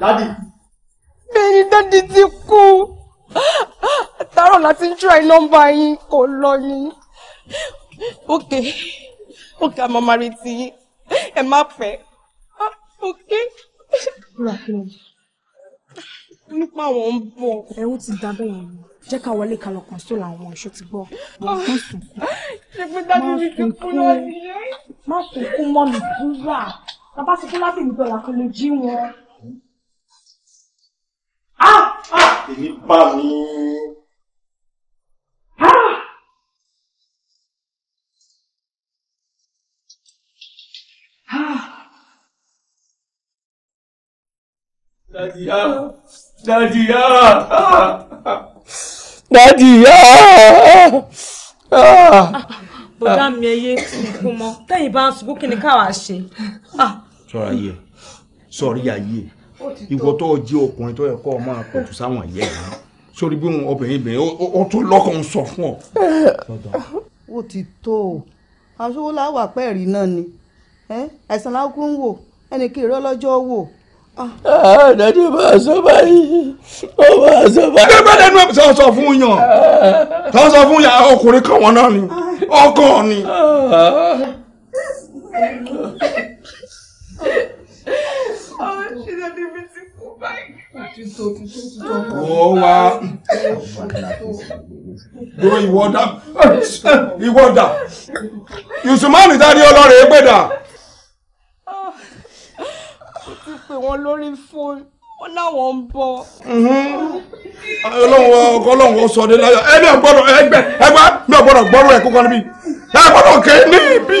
dádì. bẹ́ẹ̀ni dádì ti kú àtàrọ̀ láti ń try nọ́mbà yín kò lọ ni. ok ok a máa máa retí yín ẹ má pẹ́ ok. rà kí ló nípa àwọn ń bọ̀. ẹ ó ti dábẹ́ yẹn ni jẹ́ ká wọlé ká lọ kàn sóòlù àwọn ọ̀ṣọ́ ti gbọ́. ṣé pé dájú mi ti kú náà nìyẹn. má sunkún mọ́ mi dúrà tá a bá sunkún láti ìgbọ́ làkọlẹ̀ jí wọn èmi bá mi. Dadi ya, dadi ya, dadi ya. Bọ̀dá mi ẹ yé sunkún mọ́, tẹ́yìn bá ń sunkún kí ni káwa ṣe. Sọ̀rọ̀ ayé, sọ̀rí ayé ìwọ tó jẹ́ ọkùnrin tó yẹ kó o máa pẹ̀tù sáwọn ìyá ẹ̀ sórí bí òun obìnrin ìbẹ̀rẹ̀ ó tó lọ́kàn sọ fún ọ. ó ti tó o aṣọwó láwà pẹ́ẹ́rì náà ni àìsàn lákùn ń wò ẹnì kí irọ́ lọ́jọ́ wò. dàdí bá a sọ báyìí ó bá sọ báyìí. dẹ́gbẹ́ dẹ́nu ẹ̀ sọ sọ fún yàn sọ sọ fún yàn ọkùnrin kan wọn náà ni ah. ọkọ ni. Ah. Oh you wọ́n wá dúró you ìwọ́dà Yusumani dárí ọlọ́rẹ̀ ẹgbẹ́dà. ó ti pè wọ́n lórí fóònù wọ́n láwọn ń bọ̀. Mhm. ọlọ́run ọkọ ọlọ́run ó sọ ní láyọ̀ ẹni ọgbọ́dọ̀ ẹgbẹ́ ẹgbẹ́ mi ọgbọ́dọ̀ gbọ́rọ̀ ẹ̀ kókó níbí ẹ gbọ́dọ̀ ké níbí.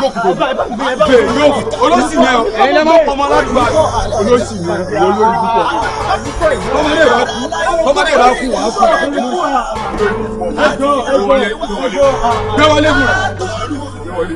jókòó bẹ́ẹ̀ yóò olóṣì yẹn o ẹ̀yin lẹ́mọ̀ ọmọ aládùúgbà olóṣì yẹn o olórí púpọ̀ ọmọdé rà kú ọmọdé rà kú wàá kú gbé wọlé gbé wọlé gbé wọlé.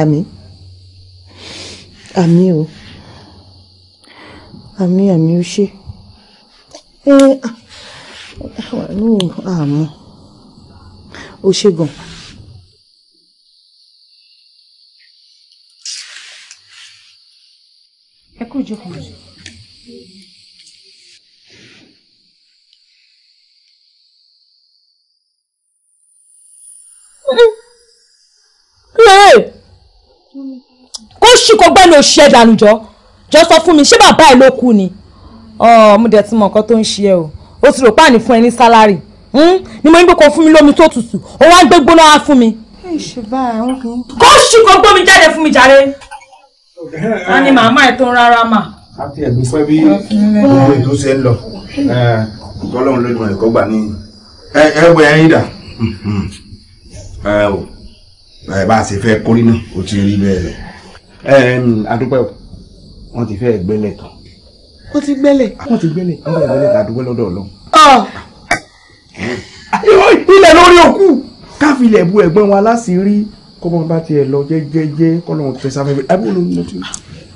àmì àmì o àmì àmì ó ṣe ẹ o ní àmọ ó ṣe gan. ẹ kú ìjókòó. ṣì kó gbẹ́nu òṣì ẹ̀ dànù jọ jọ sọ fún mi ṣé bàbá ẹ̀ ló kú ni ọ mo dẹ̀ ti mọ nǹkan tó ń ṣe ẹ o ó ti rò páàní fún ẹ ní sálárì hmm? ni mo ní pé kó fún mi lómi tó tutù ó wá ń gbé gbóná wá fún mi. kó ṣì kó gbómi jáde fún mi jàre wọn ni màmá ẹ tó ń rárá mà. a ti ẹ̀ dúpẹ́ bí gbogbo ìlú ṣe ń lọ tọ́lọ́run ló mọ̀ ẹ̀kọ́ gbà ní ẹ ẹ wẹ ẹyin dà hmm, hmm. ẹ o ẹ bá a ṣe fẹ́ kórìí náà ti rí bẹ́ẹ̀ lọ adúpẹ́ o wọ́n ti fẹ́ gbẹ́lẹ̀ tán. wọ́n ti gbẹ́lẹ̀. Ah, wọ́n ti gbẹ́lẹ̀ wọ́n ti gbẹ́lẹ̀ adúpẹ́ lọ́dọ̀ ọlọ́run. Ah! Ah! ilẹ̀ lórí òkú káfílẹ̀ bu ẹ̀gbọ́n wa láṣìírí kọ́mọ bá tiẹ̀ lọ jẹ́jẹ́jẹ́ kọ́lọ́hún tẹ sáfẹ́fẹ́ abúlé ló ń lọ tí.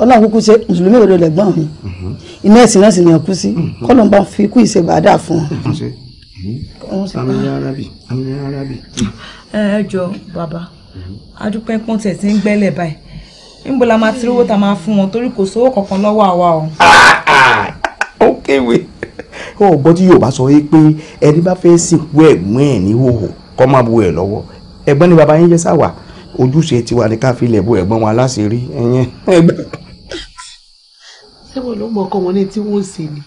ọlọ́run kúkú ṣe mùsùlùmí òdo lẹ́gbọ́n mi mhm. iná ẹ̀sìn náà sì ní ẹ̀kú sí mhm. kọ́lọ́hún bá fi kú ìṣe bàdà fún un. àmì arábì àmì arábì. ẹ jọ bàbá mhm. adúpẹ́ pọ́ńtẹ̀ tí ń gbẹ́lẹ̀ báyìí níbo la máa ti rówó tá a máa fún wọn torí kò sówó kankan lọ́wọ́ àwa o. ó kéwé ó gbọ́ tí Yorùbá sọ pé ẹni bá fẹ́ sìnkú ẹ̀gbọ́n ẹ̀ ní kọ́ máa bu ẹ̀ lọ́wọ́ ẹ̀gbọ́n ni bàbá yín jẹ́ sáwà ojúṣe tiwa ni ká fi ilẹ̀ ẹ̀gbọ́n wa láṣìírí ẹ̀yẹn. sẹ́wọ̀n ló mọ ọkọ wọn ní tí wọ́n ṣe ni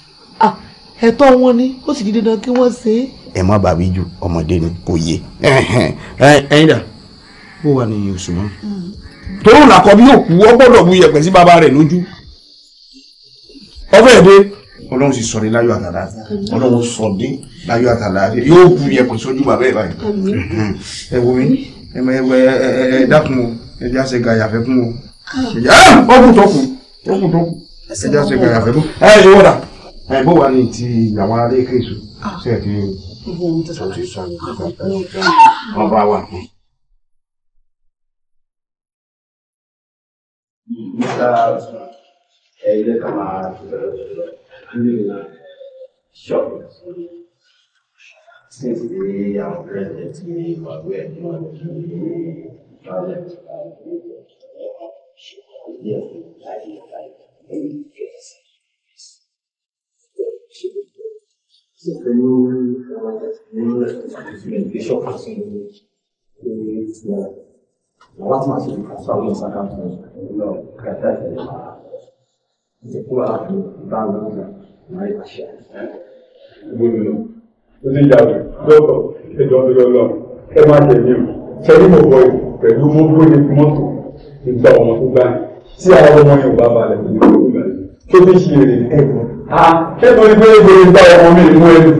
ẹ̀tọ́ wọn ni ó sì di dandan kí wọ́n ṣe é. ẹ má bàbí ju ọmọdé ni kò yé ẹ̀yin dà bó wà ní Usman torún làkọ́bí òkú ọ gbọ́dọ̀ bu iyẹ̀pẹ̀ sí bàbá rẹ̀ lójú ọfẹ́ èdè ọlọ́run sì sọ̀dé láyọ̀ àtàlà ọlọ́run sọ̀dé láyọ̀ àtàlà yóò bu iyẹ̀pẹ̀ sójú bàbá ẹ̀ báyìí ẹ wo mi ẹ dákun o ẹ jẹ́ àṣẹ gàyà fẹ́ fún o ọkùn ah. tó kù ọkùn tó kù ẹ jẹ́ àṣẹ gàyà fẹ́ fún ẹ ẹ wọ́dà ẹ bó wà ní ti ìyàwó alẹ́ kéésù ah. ṣe é ti ọ̀sẹ̀ Isa è ile kama shopping since the young president ni ìpàdé ẹ̀ ní Yes. So the new lazima sikusawi sakafu ndio katata ilikuwa bangaza maisha bunu oníjàdù lọ́tọ̀ ẹjọ́ ń lọ lọ ẹ má ṣe ní o ṣẹlí mo bọ ìlú pẹ̀lú mo bó ní mọ́tò ìgbà ọmọ tó gbá tí àwọn ọmọ yẹn ò bá balẹ̀ pẹ̀lú ìlú ìgbà tó fi ṣe èrè ẹ̀gbọ́n a kẹ́kọ̀ọ́ ní pé ó gbé ọmọ mi mú ẹ̀rù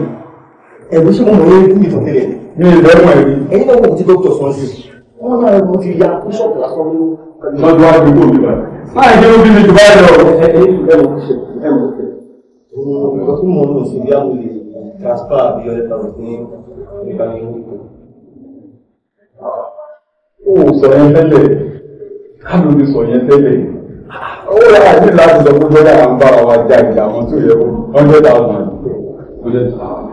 ẹ̀rù ṣé mo mọ̀ ní ìtọ́tẹ̀lẹ̀ mi ìbẹ̀rù ẹ̀rù ẹ̀yin náà wọ̀ tí dókítà sọ́ọ́ sí i wọ́n náà mo fi ya bíṣọ̀pù lásán nínú. lọ́dọ̀ àdúgbò mi bá máa jẹ́ òbí mi jù báyìí lọ. ẹ ẹ ẹ mo ṣe ẹ mo ṣe. ọ̀rọ̀ tí mo ń lò sí bí àwọn olè transfer àbí ọ̀rẹ́ pàrọ̀ sí ìbámu ìwé ìkó. ó sọ yẹn tẹ́lẹ̀ káàdùn ti sọ yẹn tẹ́lẹ̀ owó yàrá ní láti sọ pé bọ́lá à ń bára wa já ìjà àwọn tó yẹ kó hundred thousand. hundred thousand.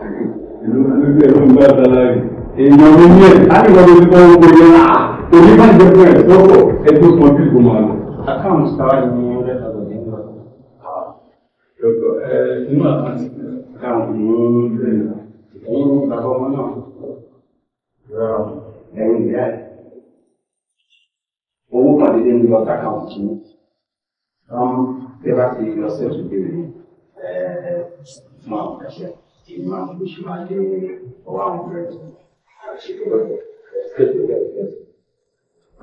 ìlú ìlú ìlú ìgbà sáláyé èèyàn mi ní ẹ̀ láti wọ́n lórí kọ́ owó yẹn òní ah, bá jẹ́ fún ẹ̀ lọ́pọ̀ ẹgbẹ́ kan bí kò máa lọ. àkáǹtì sáà ni ọ̀rẹ́ àgbà ní ìlú ọ̀dọ̀ ẹ̀ inú àkáǹtì káàmù ló ń rẹ̀ ẹ̀yìn bàbá ọmọ náà rọ ẹ̀yìn ìyá ẹ̀ owó kan dédé ń lọ sákàǹtì ní wọ́n bẹ́ẹ̀ bá ti lọ sí ọ̀tún bèrè ẹ̀ẹ́dẹ́gbọ̀n àṣẹ ìmọ̀ àgbèsè máa dé ọwọ́ àwọn ọ̀rẹ́ rẹ̀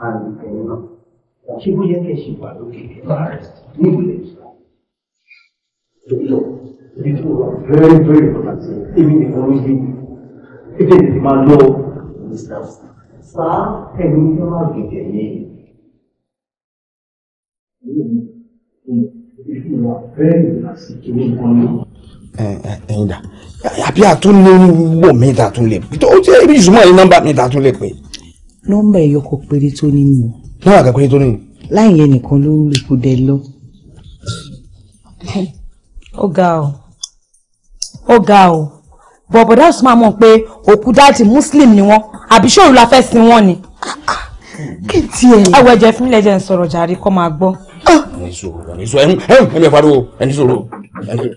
àlùkẹ́yìn náà ṣé bó yẹ kẹ́ ṣe wà lókè nípa rẹ̀ nílùú ìṣá dókítọ̀ ibi tó wà very very important ebi nìkan ló yé mi ebi nìkan máa lọ mr sáà ẹni tó máa gbèjẹ yẹn. If you are very nasty to me, ẹyin dà àbí àtúnlé wò mí dàtún lè pè ó jẹ́ ibi ìsúnmọ́ yìí nọ́mbà mi dàtún lè pè. nọ́mbà ẹyọkọ péré tó ní nù. nọ́mbà kan péré tó ní nù. láì yẹn nìkan ló ń lò kó dẹ lọ. ó ga ọ ó ga ọ bọ̀bọ̀dá ọ̀sùn máa mọ̀ pé òkú dáàdì muslim ni wọ́n àbí ṣòro la fẹ́ sin wọ́n ni. kí tiẹ̀. àwọn ẹ̀jẹ̀ fúnlẹ̀ jẹ́ ń sọ̀rọ̀ jàre kó máa gbọ́. ẹni sọ̀rọ̀ ẹni sọ̀rọ̀ ẹni ẹ̀mí ẹ̀ pariwo ẹni sọ̀rọ̀ ẹni sọ̀rọ̀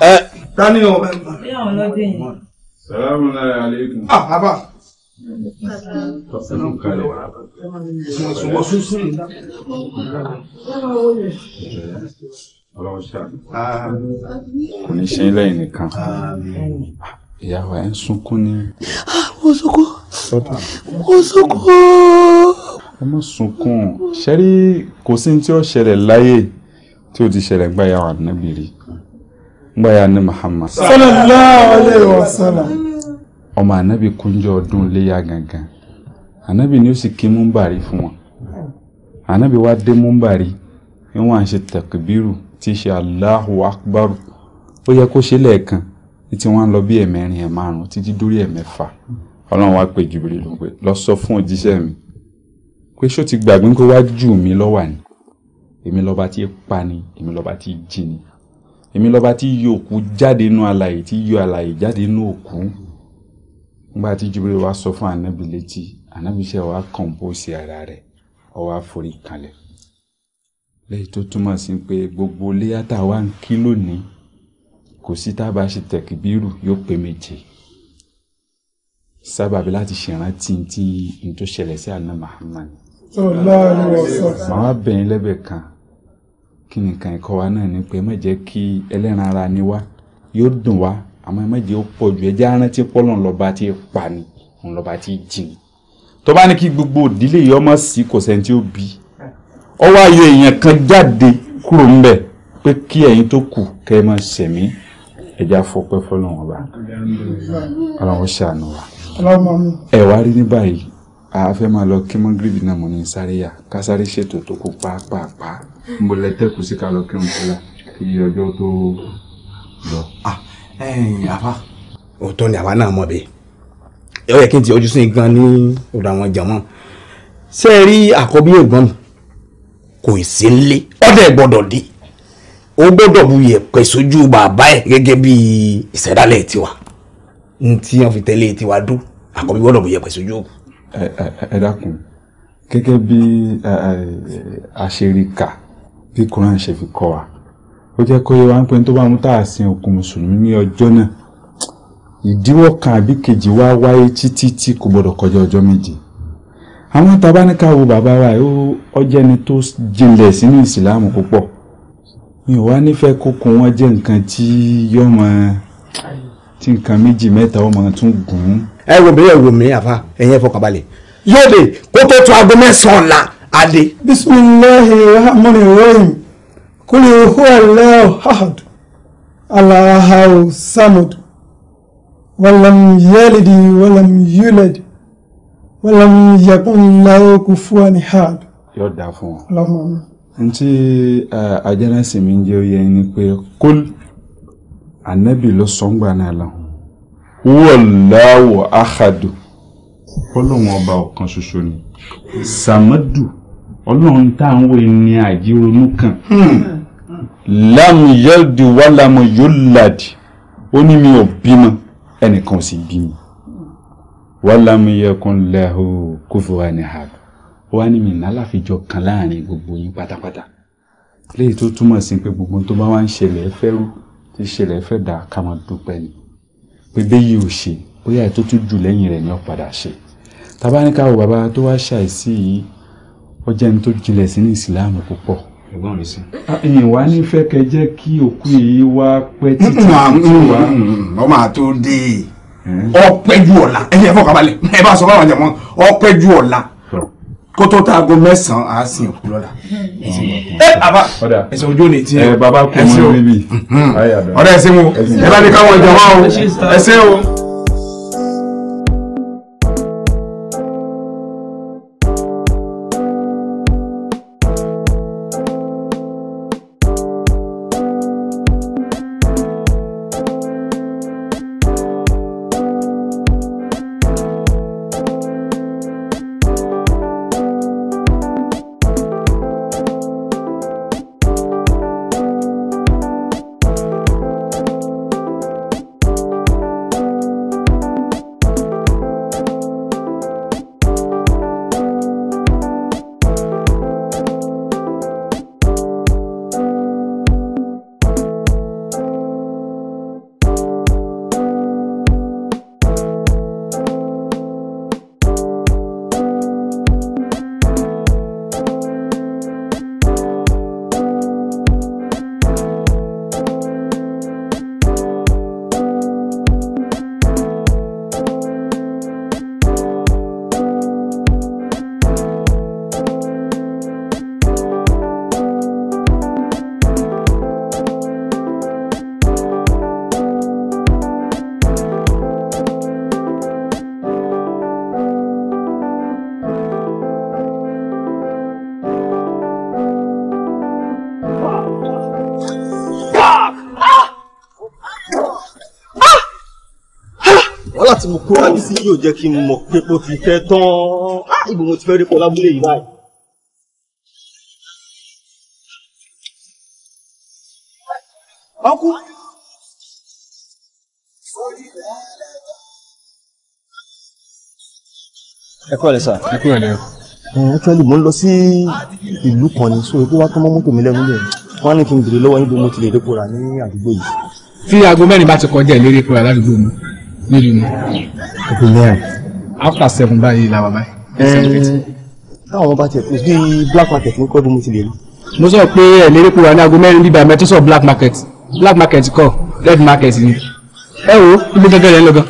ẹ. tani o. salamu alaykum. ah baba. kò ní ṣe lẹ́yìn nìkan ìyàwó ẹ̀ ń sunkún ni. Ah, mo sunkún mo sunkún. ẹ má sunkún ṣẹ́rí kò sí ní tí ó ṣẹlẹ̀ láyé tí ó ti ṣẹlẹ̀ gbáyàwó ànábìrì ngbaya ni Muhammad sallallahu alayhi wa sallam ọmọ anabi kúnjọ ọdún léyà gangan anabi ni ó sì kí múmbàrí fún wọn anabi wá dé múmbàrí ni wọn à ń ṣe tàkìbírù tí í ṣe Allahu akbar ó yẹ kó ṣe lẹ́ẹ̀kan tí wọ́n ń lọ bí ẹ̀mẹ́rin ẹ̀ márùn títí dórí ẹ̀mẹ́fà ọlọ́run wá pè Jibril ló pé lọ sọ fún òjíṣẹ́ mi pé ṣó ti gbàgbé pé wá jù mí lọ́wà ni èmi lọ́ba tí pa ni èmi lọ́ba tí jí ni èmi lọ́ba tí yọ òkú jáde nú alààyè tí yọ alààyè jáde nú òkú nígbà tí Jibril wá sọ fún anabi létí anabi ṣe wàá kọ̀ǹpóòsì ara rẹ̀ ó wá forí kanlẹ̀ lẹ́yìn tó túmọ̀ sí pé gbogbo léyàtà wa ń kí lónìí kò sí tá ṣe tẹ̀kíbírù yóò pé méje sábàbí láti ṣèrántí tí n tó ṣẹlẹ̀ sí àná Muhammad. màá bẹ̀yìn lẹ́bẹ̀ẹ́ kan kí nìkan ẹ̀kọ́ wa náà ni pé ẹ má jẹ́ kí ẹlẹ́ran ara ni wá yóò dùn wá àmọ́ ẹ má jẹ́ ó pọ̀ jù ẹjẹ́ arántí pọ́lọ́n lọ́ba tí ì pa ni òun lọ́ba tí ì jìn tó bá ní kí gbogbo òdílé yìí ọmọ sí kò sẹ́ni tí ó bí ọ wá yọ èèyàn kan jáde kúrò ńbẹ̀ pé kí ẹ̀yin tó kù kẹ́ ẹ máa ṣẹ̀mí ẹja fọpẹ́ fọ́lọ́run ọba ọlọ́run ṣàánú wa ẹ wá rí ní báyìí a fẹ́ máa lọ kí mọ́gírìbì náà mo ní sáré yà ká sáré ṣètò tó kù pàápàá mo lẹ tẹ́kù sí ká lọ kí n kú la kí ọjọ́ tó lọ. Ah, àfa òótọ́ ni àwa náà mọ̀ bẹ́ẹ̀ ẹ ó yẹ kí n ti ojú sí gan ní ọ̀dọ̀ àwọn jàmọ́ ṣé ẹ rí àkọ́bí ẹ̀gbọ́n mi kò sí nílé ọ̀dẹ̀ gbọ́dọ̀ dé ó gbọ́dọ̀ bu yẹ̀pẹ̀ sójú bàbá ẹ̀ gẹ́gẹ́ bí ìṣẹ̀dálẹ̀ tiwa n tí wọ́n fi tẹ́lẹ̀ tiwa dó àkọ́bí gbọ́dọ̀ bu yẹ̀pẹ̀ sójú. ẹ ẹ ẹ dákun gẹ́gẹ́ bí àṣeríkà. Uh, uh, bí Quran ṣe fi kọ́ wa ó jẹ́ kó yẹ wá ń pẹ́ tó bá mú tá a sin òkú mùsùlùmí ní ọjọ́ náà ìdíwọ́ kan àbí kejì wá wáyé títí tí kò gbọ́dọ̀ kọjá ọjọ́ méje àwọn tabaníkà wo bàbá wa ó ọjẹ́ ni tó jinlẹ̀ sínú ìsìláàmù púpọ̀ mi ò wá nífẹ̀ẹ́ kókó wọn jẹ́ nǹkan tí yọmọ tí nǹkan méjì mẹ́ta ọmọ tún gùn. ẹ wò mí ẹ wò mí àfa ẹ̀yin ẹ fọkànbalẹ̀ yóò lè kó tó tó aago mẹ́sàn-án la adé. bisimilahi rahmani rahim kuli huwa leo ahad alahau samud walam yalidi walam yulad walam yakun lahu kufuwan ahad. yóò dáa fún wa. lọ́mọ. n tí ajẹ́rẹ́sì mi ń jẹ́ oyè ni pé kúl anabi ló sọ́ngbà náà lọ. huwa leo ahad kọ́lọ́wọ́n ọba ọ̀kan ṣoṣo ni sàmọ́dù ọlọ́run tá à ń wò ní àjíronú kan lámù yẹ́lùdì wá lámù yólùlàdì ó ní mi ò bímọ ẹnìkan ò sì bímọ wá lámù yẹkùn lẹ́hó kó fi wá ní ha ó wá ní mi nálàfíjọ kan láàrin gbogbo yín pátápátá léyìí tó túmọ̀ sí pé gbogbo tó bá wá ń ṣẹlẹ̀ fẹ́rú tí ṣẹlẹ̀ fẹ́ dà ká máa dúpẹ́ ni pé bẹ́ẹ̀ yìí ò ṣe bóyá ètò tún jù lẹ́yìn rẹ̀ ni ó ṣe tabaníkà wo bàbá tó wá ṣàìsí yìí ó jẹ́ ní tó jinlẹ̀ sínú ìsìláàmù púpọ̀ ẹ̀gbọ́n mi sí. ìyìn wa ní fẹ́ kẹ jẹ́ kí òkú yìí wá pẹ́ títí tí wà. ọmọ àti òde ọpẹ́ ju ọ̀la ẹ yẹ fọkànbalẹ̀ ẹ bá sọ fún àwọn àjẹmọ ọpẹ́ ju ọ̀la kó tó tá aago mẹ́sàn-án á sin òkú lọ́la. ẹ bàbá ẹsẹ̀ ojú òní tiẹ̀. ẹ bàbá kò mọ níbí. ọ̀rẹ́ ẹ̀sìn wo ẹ bá ní káwọn jọ̀wọ́ o ẹ̀sìn o. kó abisi yóò jẹ́ kí n mọ̀ pé kó ti fẹ́ tán ah, ibo mo ti fẹ́ rí pọ̀ lábúlé yìí báyìí. ọkú. ẹ kú ọ̀lẹ́ sà. ẹ kú ọ̀lẹ́ o. actually mo ń lọ sí ìlú kan ni so epo wa tán mọ́ mọ́tò mi lẹ́nu lẹ́nu wọ́n á ní kí n bèrè lọ́wọ́ níbi mo ti lè dépò rà ní àdúgbò yìí. tí aago mẹ́rin bá ti kọjá ìlérí pé aládùúgbò mi mélòó ni. kòkò mẹ́rin. after seven báyìí la wà báyìí. táwọn bá tiẹ̀ pèsè bíi black market ló kọ́ bí mo ti lè rí. mo sọ pé ẹ̀ lérí pé wà ní aago mẹ́rin bíbá mẹ́tọ́ sọ black market black market kọ́ red market ni. ẹ wo ibi gẹ́gẹ́ rẹ̀ ń lọ gan.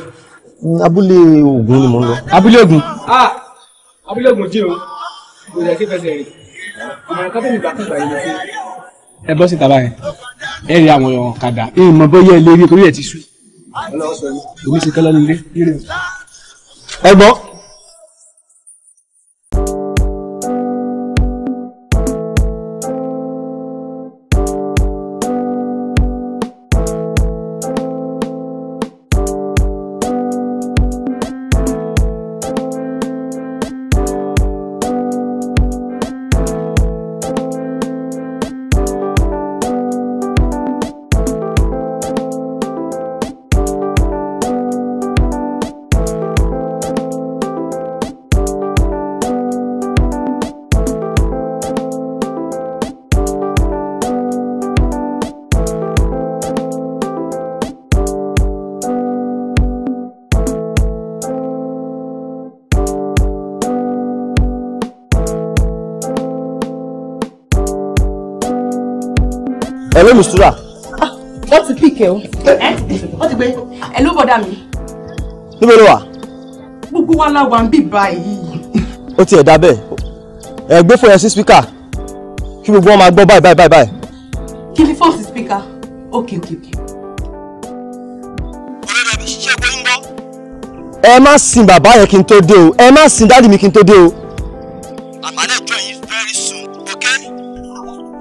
Mm, abúlé Ògùn ni mo ń lọ. abúlé Ògùn. Ah, abúlé Ògùn jí o kò yẹ kí fẹsẹ̀ rè ìmọ̀ràn kábẹ́ẹ̀lì ìgbà kúgbà yìí ló fi. ẹ bọ́ síta báyìí ẹ rí àwọn ọ̀kadà. ìmọ̀ bóyá ẹ lè rí torí ẹ ti sùn èmi sì kẹ́lẹ́ nílé. ẹ gbọ́. ẹ ló mùsùlùmá. wọ́n ti píkẹ́ o eh. Eh, wọ́n ti gbé ẹ ló bọ̀dá mi. níbo ló wà. gbogbo wa la wà ń bì báyìí. ó tiẹ̀ dá bẹ́ẹ̀ ẹ gbé fún ẹ sí spíkà kí gbogbo wọn máa gbọ́ báyìí báyìí báyìí. kí ni fọ́ọ̀sì spíkà ókè ókè ókè. ọ̀rẹ́ rẹ̀ mi ṣiṣẹ́ gbóyún gbọ́. sin bàbá yẹn kí n o ẹ má sin dáàdì mi kí n tó o.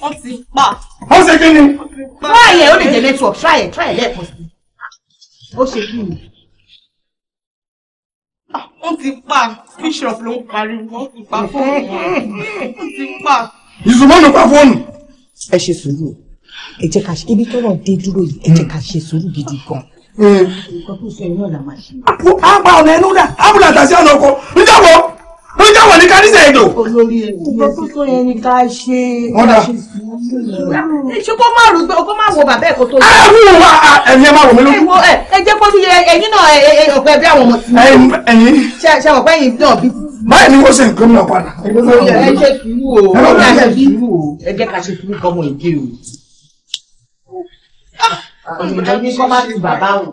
ó ti pa. ó ṣe kí ni. try ẹ ó lè jẹ network try ẹ try ẹ lẹ́ẹ̀kan sí i ó ṣe kí ni. ó ti pa bishop ló ń pariwo ó ti pa fóònù ó ti pa. ìzùmọ̀nù pa fóònù. ẹ ṣe sùúrù ẹ jẹ́ ká ṣe ibi tọ́rọ̀ dé dúró yìí ẹ jẹ́ ká ṣe sùúrù gidi gan hmm. nǹkan tó sọ iná là máa ṣe. àpò àpà ọ̀nà ẹnu rẹ̀ àbúlà àtàsí ọ̀nà ọkọ̀ níjàpọ̀ tó já wọ̀ ní kánísà èdò. olórí èdè yẹn ni ṣe báyìí ni wọ́n ṣe nǹkan mìíràn padà. ẹ ṣe sùúrù o ẹ ṣe ẹ jẹ́ ká ṣe sùúrù kọ́mọ ìdí o. ọ̀nà ìdájọ́ kọ́ má ti bàbá wọn.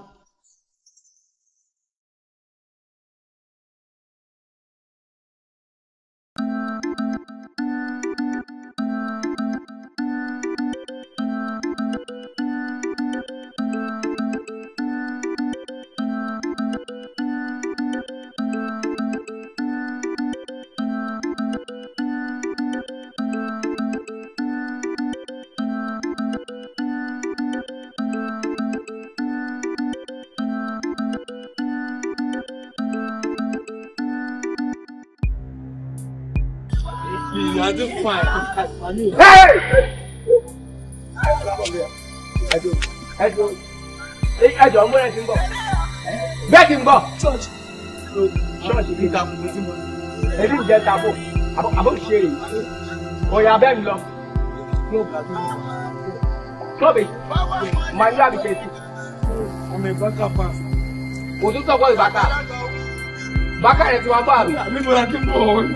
I do fine. I'm Hey! I do. I do. Ẹ jọ ń gbọ́dọ̀ ti ń bọ̀. Bẹ́ẹ̀ ti ń bọ̀. Ṣọ́ọ̀ṣì kí n ta kùn sí mo. Èmi ń jẹ tabo. Àbó ṣe rè. Ọ̀yà bẹ́ẹ̀ mi lọ. Tóbi, màá ní àbíṣe sí. Ọmọ ìbọn sọ fún wa. Òtútù ọgbọ́n ìbàtà bákàrẹ ti wá bá mi. níbo la ti bọ̀ ọ́.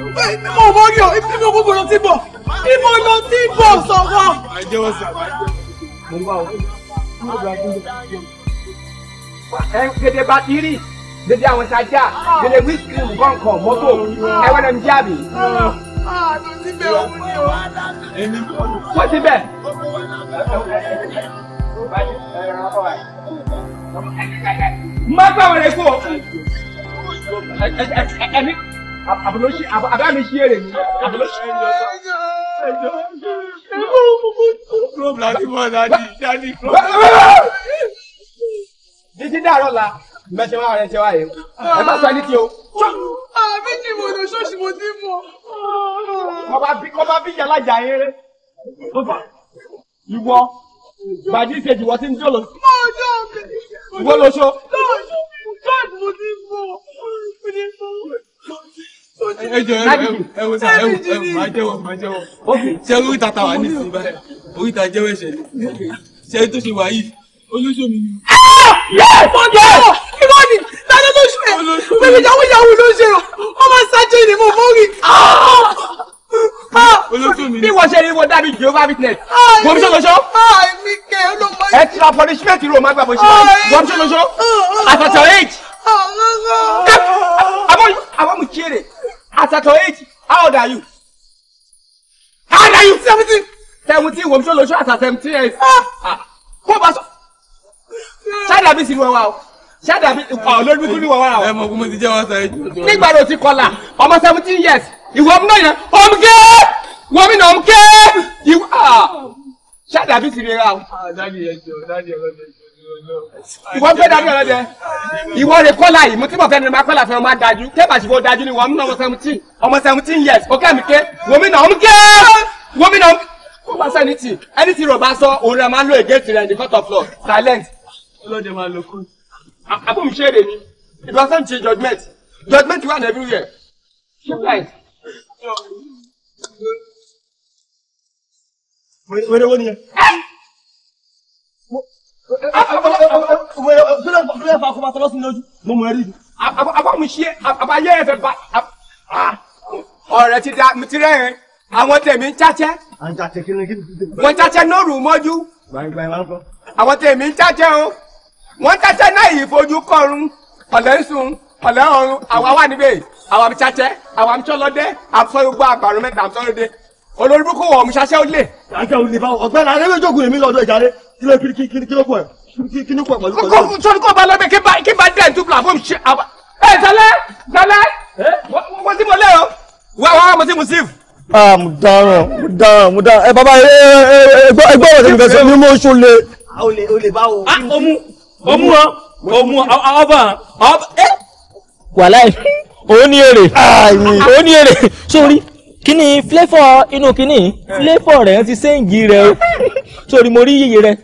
mo mọ rí ọ ibi mo gbogbo ló ti bọ̀ ibo ló ti bọ̀ sọ̀rọ̀. àjẹwọ́ sí àbájọ. mo ń bá ọ níbo la ti bọ̀. ẹ gèdè bàtírì gèdè àwọn sájà gèdè wíìsì kọ̀ọ̀kan mọ́tò ẹ wọ́n lẹ́nu jáàbì. wọ́n ti bẹ̀. má gbàgbọ́ rẹ̀ kú ẹni àbúlóṣì àbá mi mi àbúlóṣì èrè mi ọjọ́ ẹjọ́ la mẹsẹ wa rẹ ṣe wa yìí ẹ bá sọ ẹni tí o. àbí tí mo lọ ṣọ́ọ̀ṣì mo ti mọ̀. kọ́ba bí kọ́ba bí rẹ ìwọ bàjí ìṣèjì wọ́n ti ń jọ mi. ìwọ lọ ṣo. lọ́ọ̀ṣù mo ti mọ̀ ẹ jọ ẹ wo sa ẹ wo máa jẹ́wọ́ máa jẹ́wọ́ ṣé orí tata wà ní ìsìn báyìí orí ta jẹ́wọ́ ẹ̀ṣẹ̀ ni ṣé tó ṣe wà yìí olóṣèlú ni. yẹ́ẹ̀ fọ́jọ́ ìwọ ni tani ló ṣe bẹ́ẹ̀ yàwó yàwó ló ṣe o wọ́n máa ṣáájú ni mo mọ́ rí. Ah! bí wọ́n ṣe ni wọ́n dàbí Jehovah witness. wọ́n lọ́ṣọ́. ẹ ti punishment ro máa gbà bó ṣe wọ́n ṣe lọ́ṣọ́ ah, ah. at your Abang Mukere, at your age, how old are you? How old are you? Seventeen. Seventeen, wọ́n ṣọlọ ṣọ́ àtà seventeen years. Ah. Ah. Kó bá sọ. Ṣáàdà bí sinú ẹwà o. Ṣáàdà bí olórí bí sinú ẹwà o. Ẹ mọ̀ kó mo seventeen years, ìwọ ọmọ náà yẹn, ọmọ kẹ́, wọ́n mi nà ọmọ kẹ́, ìwọ. Ah. Ṣáàdà bí sinú ẹwà o. Dáàdi ẹjọ́, ìwọ fẹ́ dájú ọ̀rọ̀ jẹ ìwọ rẹ kọ́lá yìí mo ti bọ̀ fẹ́ ni ma kọ́lá fẹ́ ọmọ adájú tẹ́bà sì fọ́ dájú ni wọ́n mú ọmọ seventeen ọmọ seventeen years ó kẹ́ mi ké gómìnà ọ̀hún ké gómìnà ọ̀hún kó bá sẹ́ni tì ẹni tí rò bá sọ òun rẹ̀ máa ń lo against rẹ̀ ní court of law silent. olóde máa lo kú. àbúrò mi ṣe é de ni it was sent to judgement judgement wà ní everywhere. wẹ́rẹ́ wọ́n ni yẹn wúlẹ̀ fà kọ́ba tọ́lọ́sí lójú i. àbámu ṣe àbáyé ẹ̀fẹ̀ bá ọ̀rẹ́ ti da mi ti rẹ́rìn àwọn tèmi ń jájẹ́. à ń jájẹ́ kí ni kí ni. wọ́n jájẹ́ nóòrù mọ́jú. àwọn tèmi ń jájẹ́ o wọ́n jájẹ́ náà yìí fojú kọrun ọ̀lẹ́ ń sun ọ̀lẹ́ ọ̀run àwa wà níbẹ̀ àwa mi jájẹ́ àwa mi tọ́lọ́dẹ́ àfọ́ gbogbo àgbàrún mẹ́ta àfọ́lọ́dẹ́ olórí burúkú wọ̀ ọ̀mùsá ṣẹ́ ó lè. àṣẹ ò lè bá ọgbẹ́ni arẹ́mẹ́jọ́gùn èmi lọ́dọ̀ ìjàre kí ló kí ló kú ẹ̀ kí ló kú ẹ̀ pẹ̀lú. kókó sọ́ni kó ba lọ́bẹ̀ kí n bá dẹ̀ dúpọ̀ àbọ̀ mi ṣe. ẹ sọlẹ sọlẹ mo ti mo lé o wá wá mo ti mo sí. ah mo dáràn mo dáràn mo dáràn ẹ bàbá ẹ ẹ gbọ́ ọ̀rọ̀ tẹ̀lifẹ̀ sọ ni mo ń ṣọlẹ. o lè bá o. a ah, omu omu ọ omu ọba ọba. wàhálà òun ní èrè ah, òun ní èrè sórí. Kini flavour inú kini flavour rẹ̀ ti séǹgì rẹ̀ o sórí mo rí yíyí rẹ̀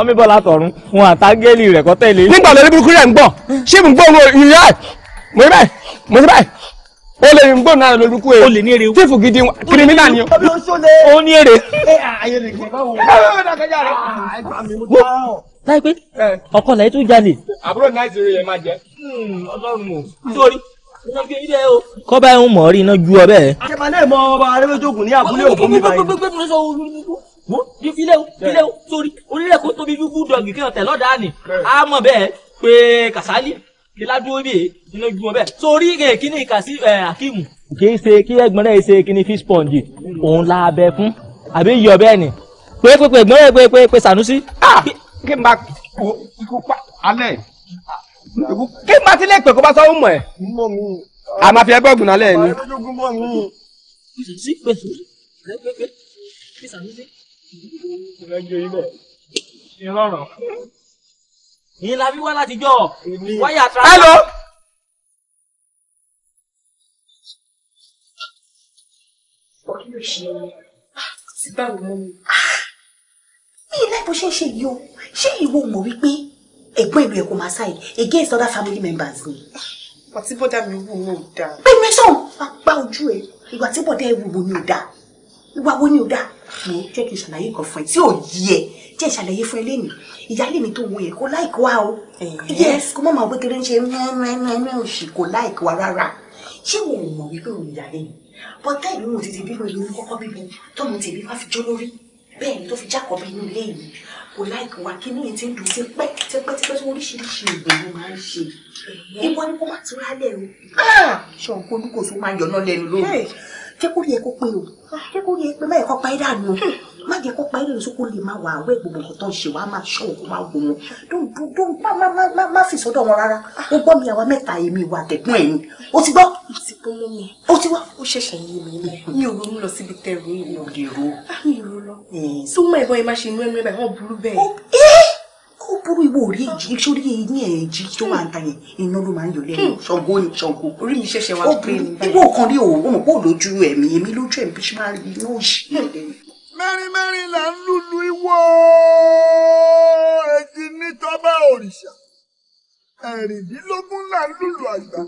ọmíbọ́lá tọ̀run wọn àtàgẹ́lì rẹ̀ kọ́ tẹ̀lé. nígbà lórí burúkú rẹ̀ ń gbọ́ ṣé mo ń gbọ́ ohun ìrìn rẹ̀ mo rí báyìí mo rí báyìí o lè ní gbọ́n náà lórí burúkú rẹ̀ o lè ní èrè o fífò gidi kìrìmínà ni o o ní èrè. láìpẹ́ ọkọ làyè tó jalè. àbúrò náà ti rí ẹ máa jẹ. ọlọ́run o sórí kọ́ bá ń mọ̀ rí iná ju ọ bẹ́ẹ̀. akẹ́kọ̀ọ́ náà mọ ọba arẹ́fẹ́jọ́gùn ní abúlé òkú mi báyìí. ilé o ilé o sórí onílẹ̀ kó tóbi bí búdọ̀gì kí ọ̀tẹ̀ lọ́dà ni a mọ̀ bẹ́ẹ̀ pé Kàsálí kí ládùúgbò bíi iná ju ọ bẹ́ẹ̀ sórí kíní kàsí Akíìmù. kì í ṣe kí ẹ̀gbọ́n rẹ̀ ṣe kíní fish pond òun la abẹ fún àbí yọ bẹ́ẹ̀ ni pé pé pé ẹ̀gbọ́n rẹ̀ pé pé Sànúsí. kí n bá kó ikú pa alẹ́ kí n bá tilé pè kó bá sọ ọmọ ẹ. a máa fi ẹgbẹ́ ọ̀gùn nálẹ̀ ni. hello. báwo bó ṣe ṣe yìí o ṣé ìwọ mọ̀ wípé ẹ̀gbọ́n ìlú èkó máa side against other family members ni. Ah, àti bọ́dà mi wù mí ò dáa. bẹ́ẹ̀ ni sọ̀rọ̀ wá gbá ojú ẹ̀ ìwà tí bọ́dà ẹ̀ wù mí ò dáa ìwà wo ni ò dáa. mo jẹ́ kí n ṣàlàyé nǹkan fún ẹ tí ò yí ẹ jẹ́ ìṣàlàyé fún ẹ lẹ́nu ìyáálé mi tó wo yẹ kó láìkó wa o. yes kó má máa gbé kiri ń ṣe mẹ́mẹ́mẹ́ òṣì kó láìkó wa rárá ṣé wo ò mọ̀ wípé òun ìyáálé mi bọ́tà ìlú òun ti ti bímọ ìlú kọ́kọ́ bímọ tọ́mọ tèmi wá fi jó lórí bẹ́ẹ̀ ni tó fi jákọ̀ọ́ inú ilé yìí kò láìkì wá kí ní ètí ń dùn sí pẹ́ tipẹ́ tipẹ́ tí oríṣiríṣi ìgbà ló máa ń ṣe ìwọ ni kó má ti rálẹ̀ o. Ah! ṣọ̀nkó olúkòso máa ń yọ̀nà lẹ́nu lóru jẹ́ kó rí ẹ kó pé o ah. jẹ́ kó rí ẹ pé báyìí kó pa ẹ́ dànù hmm. má jẹ́ kó pa ẹ́ lóṣù kó lè máa wà àwẹ̀ gbogbo nǹkan tó ń ṣe wá máa ṣọ́ òkú máa wò wọn dóńdó má fi sọ́dọ̀ wọn rárá o ah. gbọ́ mi àwa mẹ́ta èmi ìwà àtẹ̀gbọ́n ẹ̀ ni o ti gbọ́. o ti gbọ́ mọ́ mi o ti wá o ṣẹ̀ṣẹ̀ yé mi ni hmm. mi ò ronú lọ síbi tẹ̀rù yìí lọ. mi ò lè ro. Ah, mi ro lọ. Hmm. súnmọ́ ìbọn yẹn má ṣe inú ẹ̀mí ó burú ìwọ orí èjì sórí eyín èjì tó wà ń ta yẹn iná ló máa ń yọ lẹ́nu hmm. ṣọ̀gbọ́n ni ṣọ̀gbọ́n. orí mi ṣẹ̀ṣẹ̀ wá pé ní báyìí. ìwọ kan rí òun òun kò lójú ẹ̀mí èmi lójú ẹ̀mí bí ṣe máa rí iná òṣì mẹ́rin mẹ́rin là ń lùlù ìwọ ẹ̀jì ní tọ́ba òrìṣà ẹ̀rìndínlógún là ń lùlù àgbà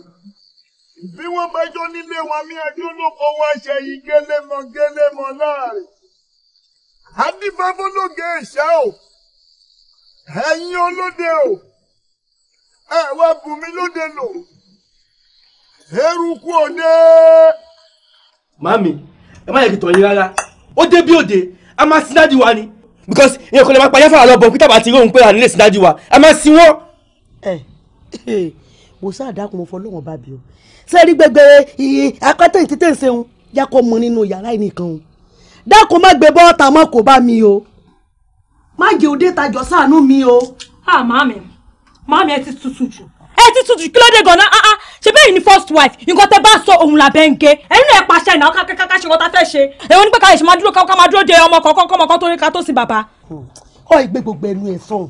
bí wọ́n bá jó nílé wọn ní ẹjọ́ ló ṣe yìí gélémọ̀ gélémọ̀ láàrin adífáfólógé ìṣá òkú ẹ̀yin olóde o ẹ wá bùnmi lóde lò eruku òde. màmí ẹ má yẹ kí tọ̀yìn rárá ó dé bí òde a máa sin dáàdi wa ni because ìyẹn kò lè máa pa yáfàrà lọ bọ̀ pété àbá ti rí òun pé ànílè sin dáàdi wa a máa sin wọ́n. ẹ wò sáà dákun mo fọ lọ́wọ́n bá bí o ṣé rí gbẹgbẹ iye akọ́tẹ̀yìn títẹ̀ ń ṣeun yá kó mọ nínú yàrá ẹnìkan o dákun má gbé bọ́ọ̀tà mọ́ kó bá mi o má jẹ́ òde tajọ ṣàánú mi o. ah màmí màmí ẹ ti tutù jù. ẹ ti tutù kí ló dé gan-an ah ah ṣe bẹ́ẹ̀ ni first wife nǹkan tẹ bá sọ òun làbẹ́ ń gé ẹ̀yin náà ẹ pàṣẹ ìnáwó kákákáká ṣe wọ́n ta fẹ́ ṣe. èwo ní pé ká ìṣe máa dúró ká máa dúró de ọmọ kọ̀ọ̀kan kọ́mọ kan tó ká tó sin bàbá. ọ ìgbé gbogbo ẹnu ẹ sàn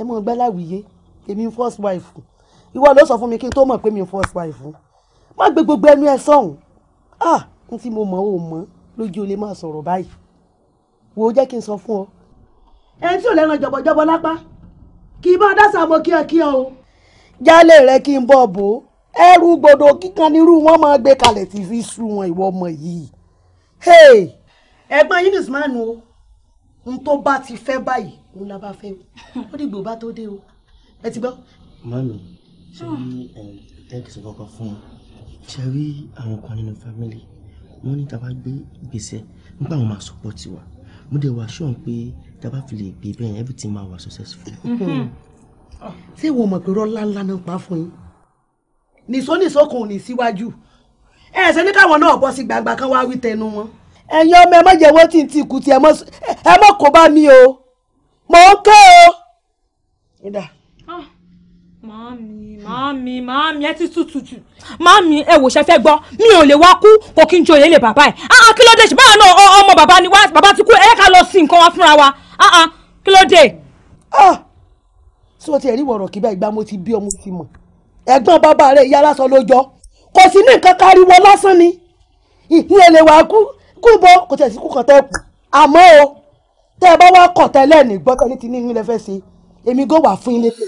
ẹ mọ gbá láwùyé èmi first wife ìwọ ló sọ fún mi kí n tó mọ̀ pé mi ń first wife má gbé gbogbo ẹnu ẹ sàn ah n tí mo mọ̀ ò mọ̀ lójú o lè má sọ̀rọ̀ báyìí wò jẹ́ kí n sọ fún ọ ẹni tí ò lẹ́ran jọ̀bọ̀jọ̀bọ̀ lápá kì í bá dásà mọ́ kíá kíá o. jálè rẹ kí n bọ̀ bò ó ẹrú gbòdò kíkan nírú wọn máa gbé kalẹ̀ tí fi sú wọn ìwọ ọmọ yìí. ẹ̀gbọ́n yunus máa nu o n tó bá ti fẹ́ báyìí òun la bá fẹ́ o ó dìgbò bá tó dé o ẹ ti gbọ́. mami ṣe rí ẹ̀ẹ́dẹ́gbẹ̀sẹ̀ kọ̀ọ̀kan fún un ṣe rí àwọn kan nínú fámìlì wọn ní tá a bá gbé gbèsè nígbà wọn máa sọpọ́ tiwa mo dẹ̀ wá ṣọ́ọ̀n pé tẹ́bá fi lè bẹ́ẹ̀ everything máa wà successful. Mm-hmm. ṣé ìwọ mọ̀ pé rọ́lá ńlá náà pa fún yín nìsónìsó kò ní síwájú ẹ ṣe ní káwọn náà bọ́ sí gbangba kan wá wí tẹnu wọn. ẹ̀yin ọmọ ẹ mọ̀ jẹ́wọ́ tí n ti kù tí ẹ mọ̀ kó bá mi o mò ń ké o. Ah, màámi, màámi, màámi, ẹ ti tútù jù. Màámi, ẹ wò ṣe fẹ́ mi ò lè wá kú, kò kí n joyè lè bàbá ẹ̀. Àá ah, ah, kí ló dé ṣe báyọ̀ náà ọmọ bàbá ni wá, bàbá ti kú, ẹ ká lọ sí nǹkan wá fúnra wa. Ah, ah kí ló dé. sọ ah, ti ẹ̀rí wọ̀rọ̀ kí bá ìgbà mo ti bí ọmọ ti mọ̀ ẹ̀gbọ́n bàbá rẹ̀ ìyá lásán ló jọ kò sí ní nǹkan káríwọ lásán ni ìpín èlé wa kú kú bọ kò tẹ̀ sí kú kàn tẹ́ kù àmọ́ o tẹ́ ẹ bá wá kọ̀ tẹ́lẹ̀ ní gbọ́tọ̀ ní ti ní ìrìnlẹ̀ fẹ́ ṣe èmi gò wà fún ilé pé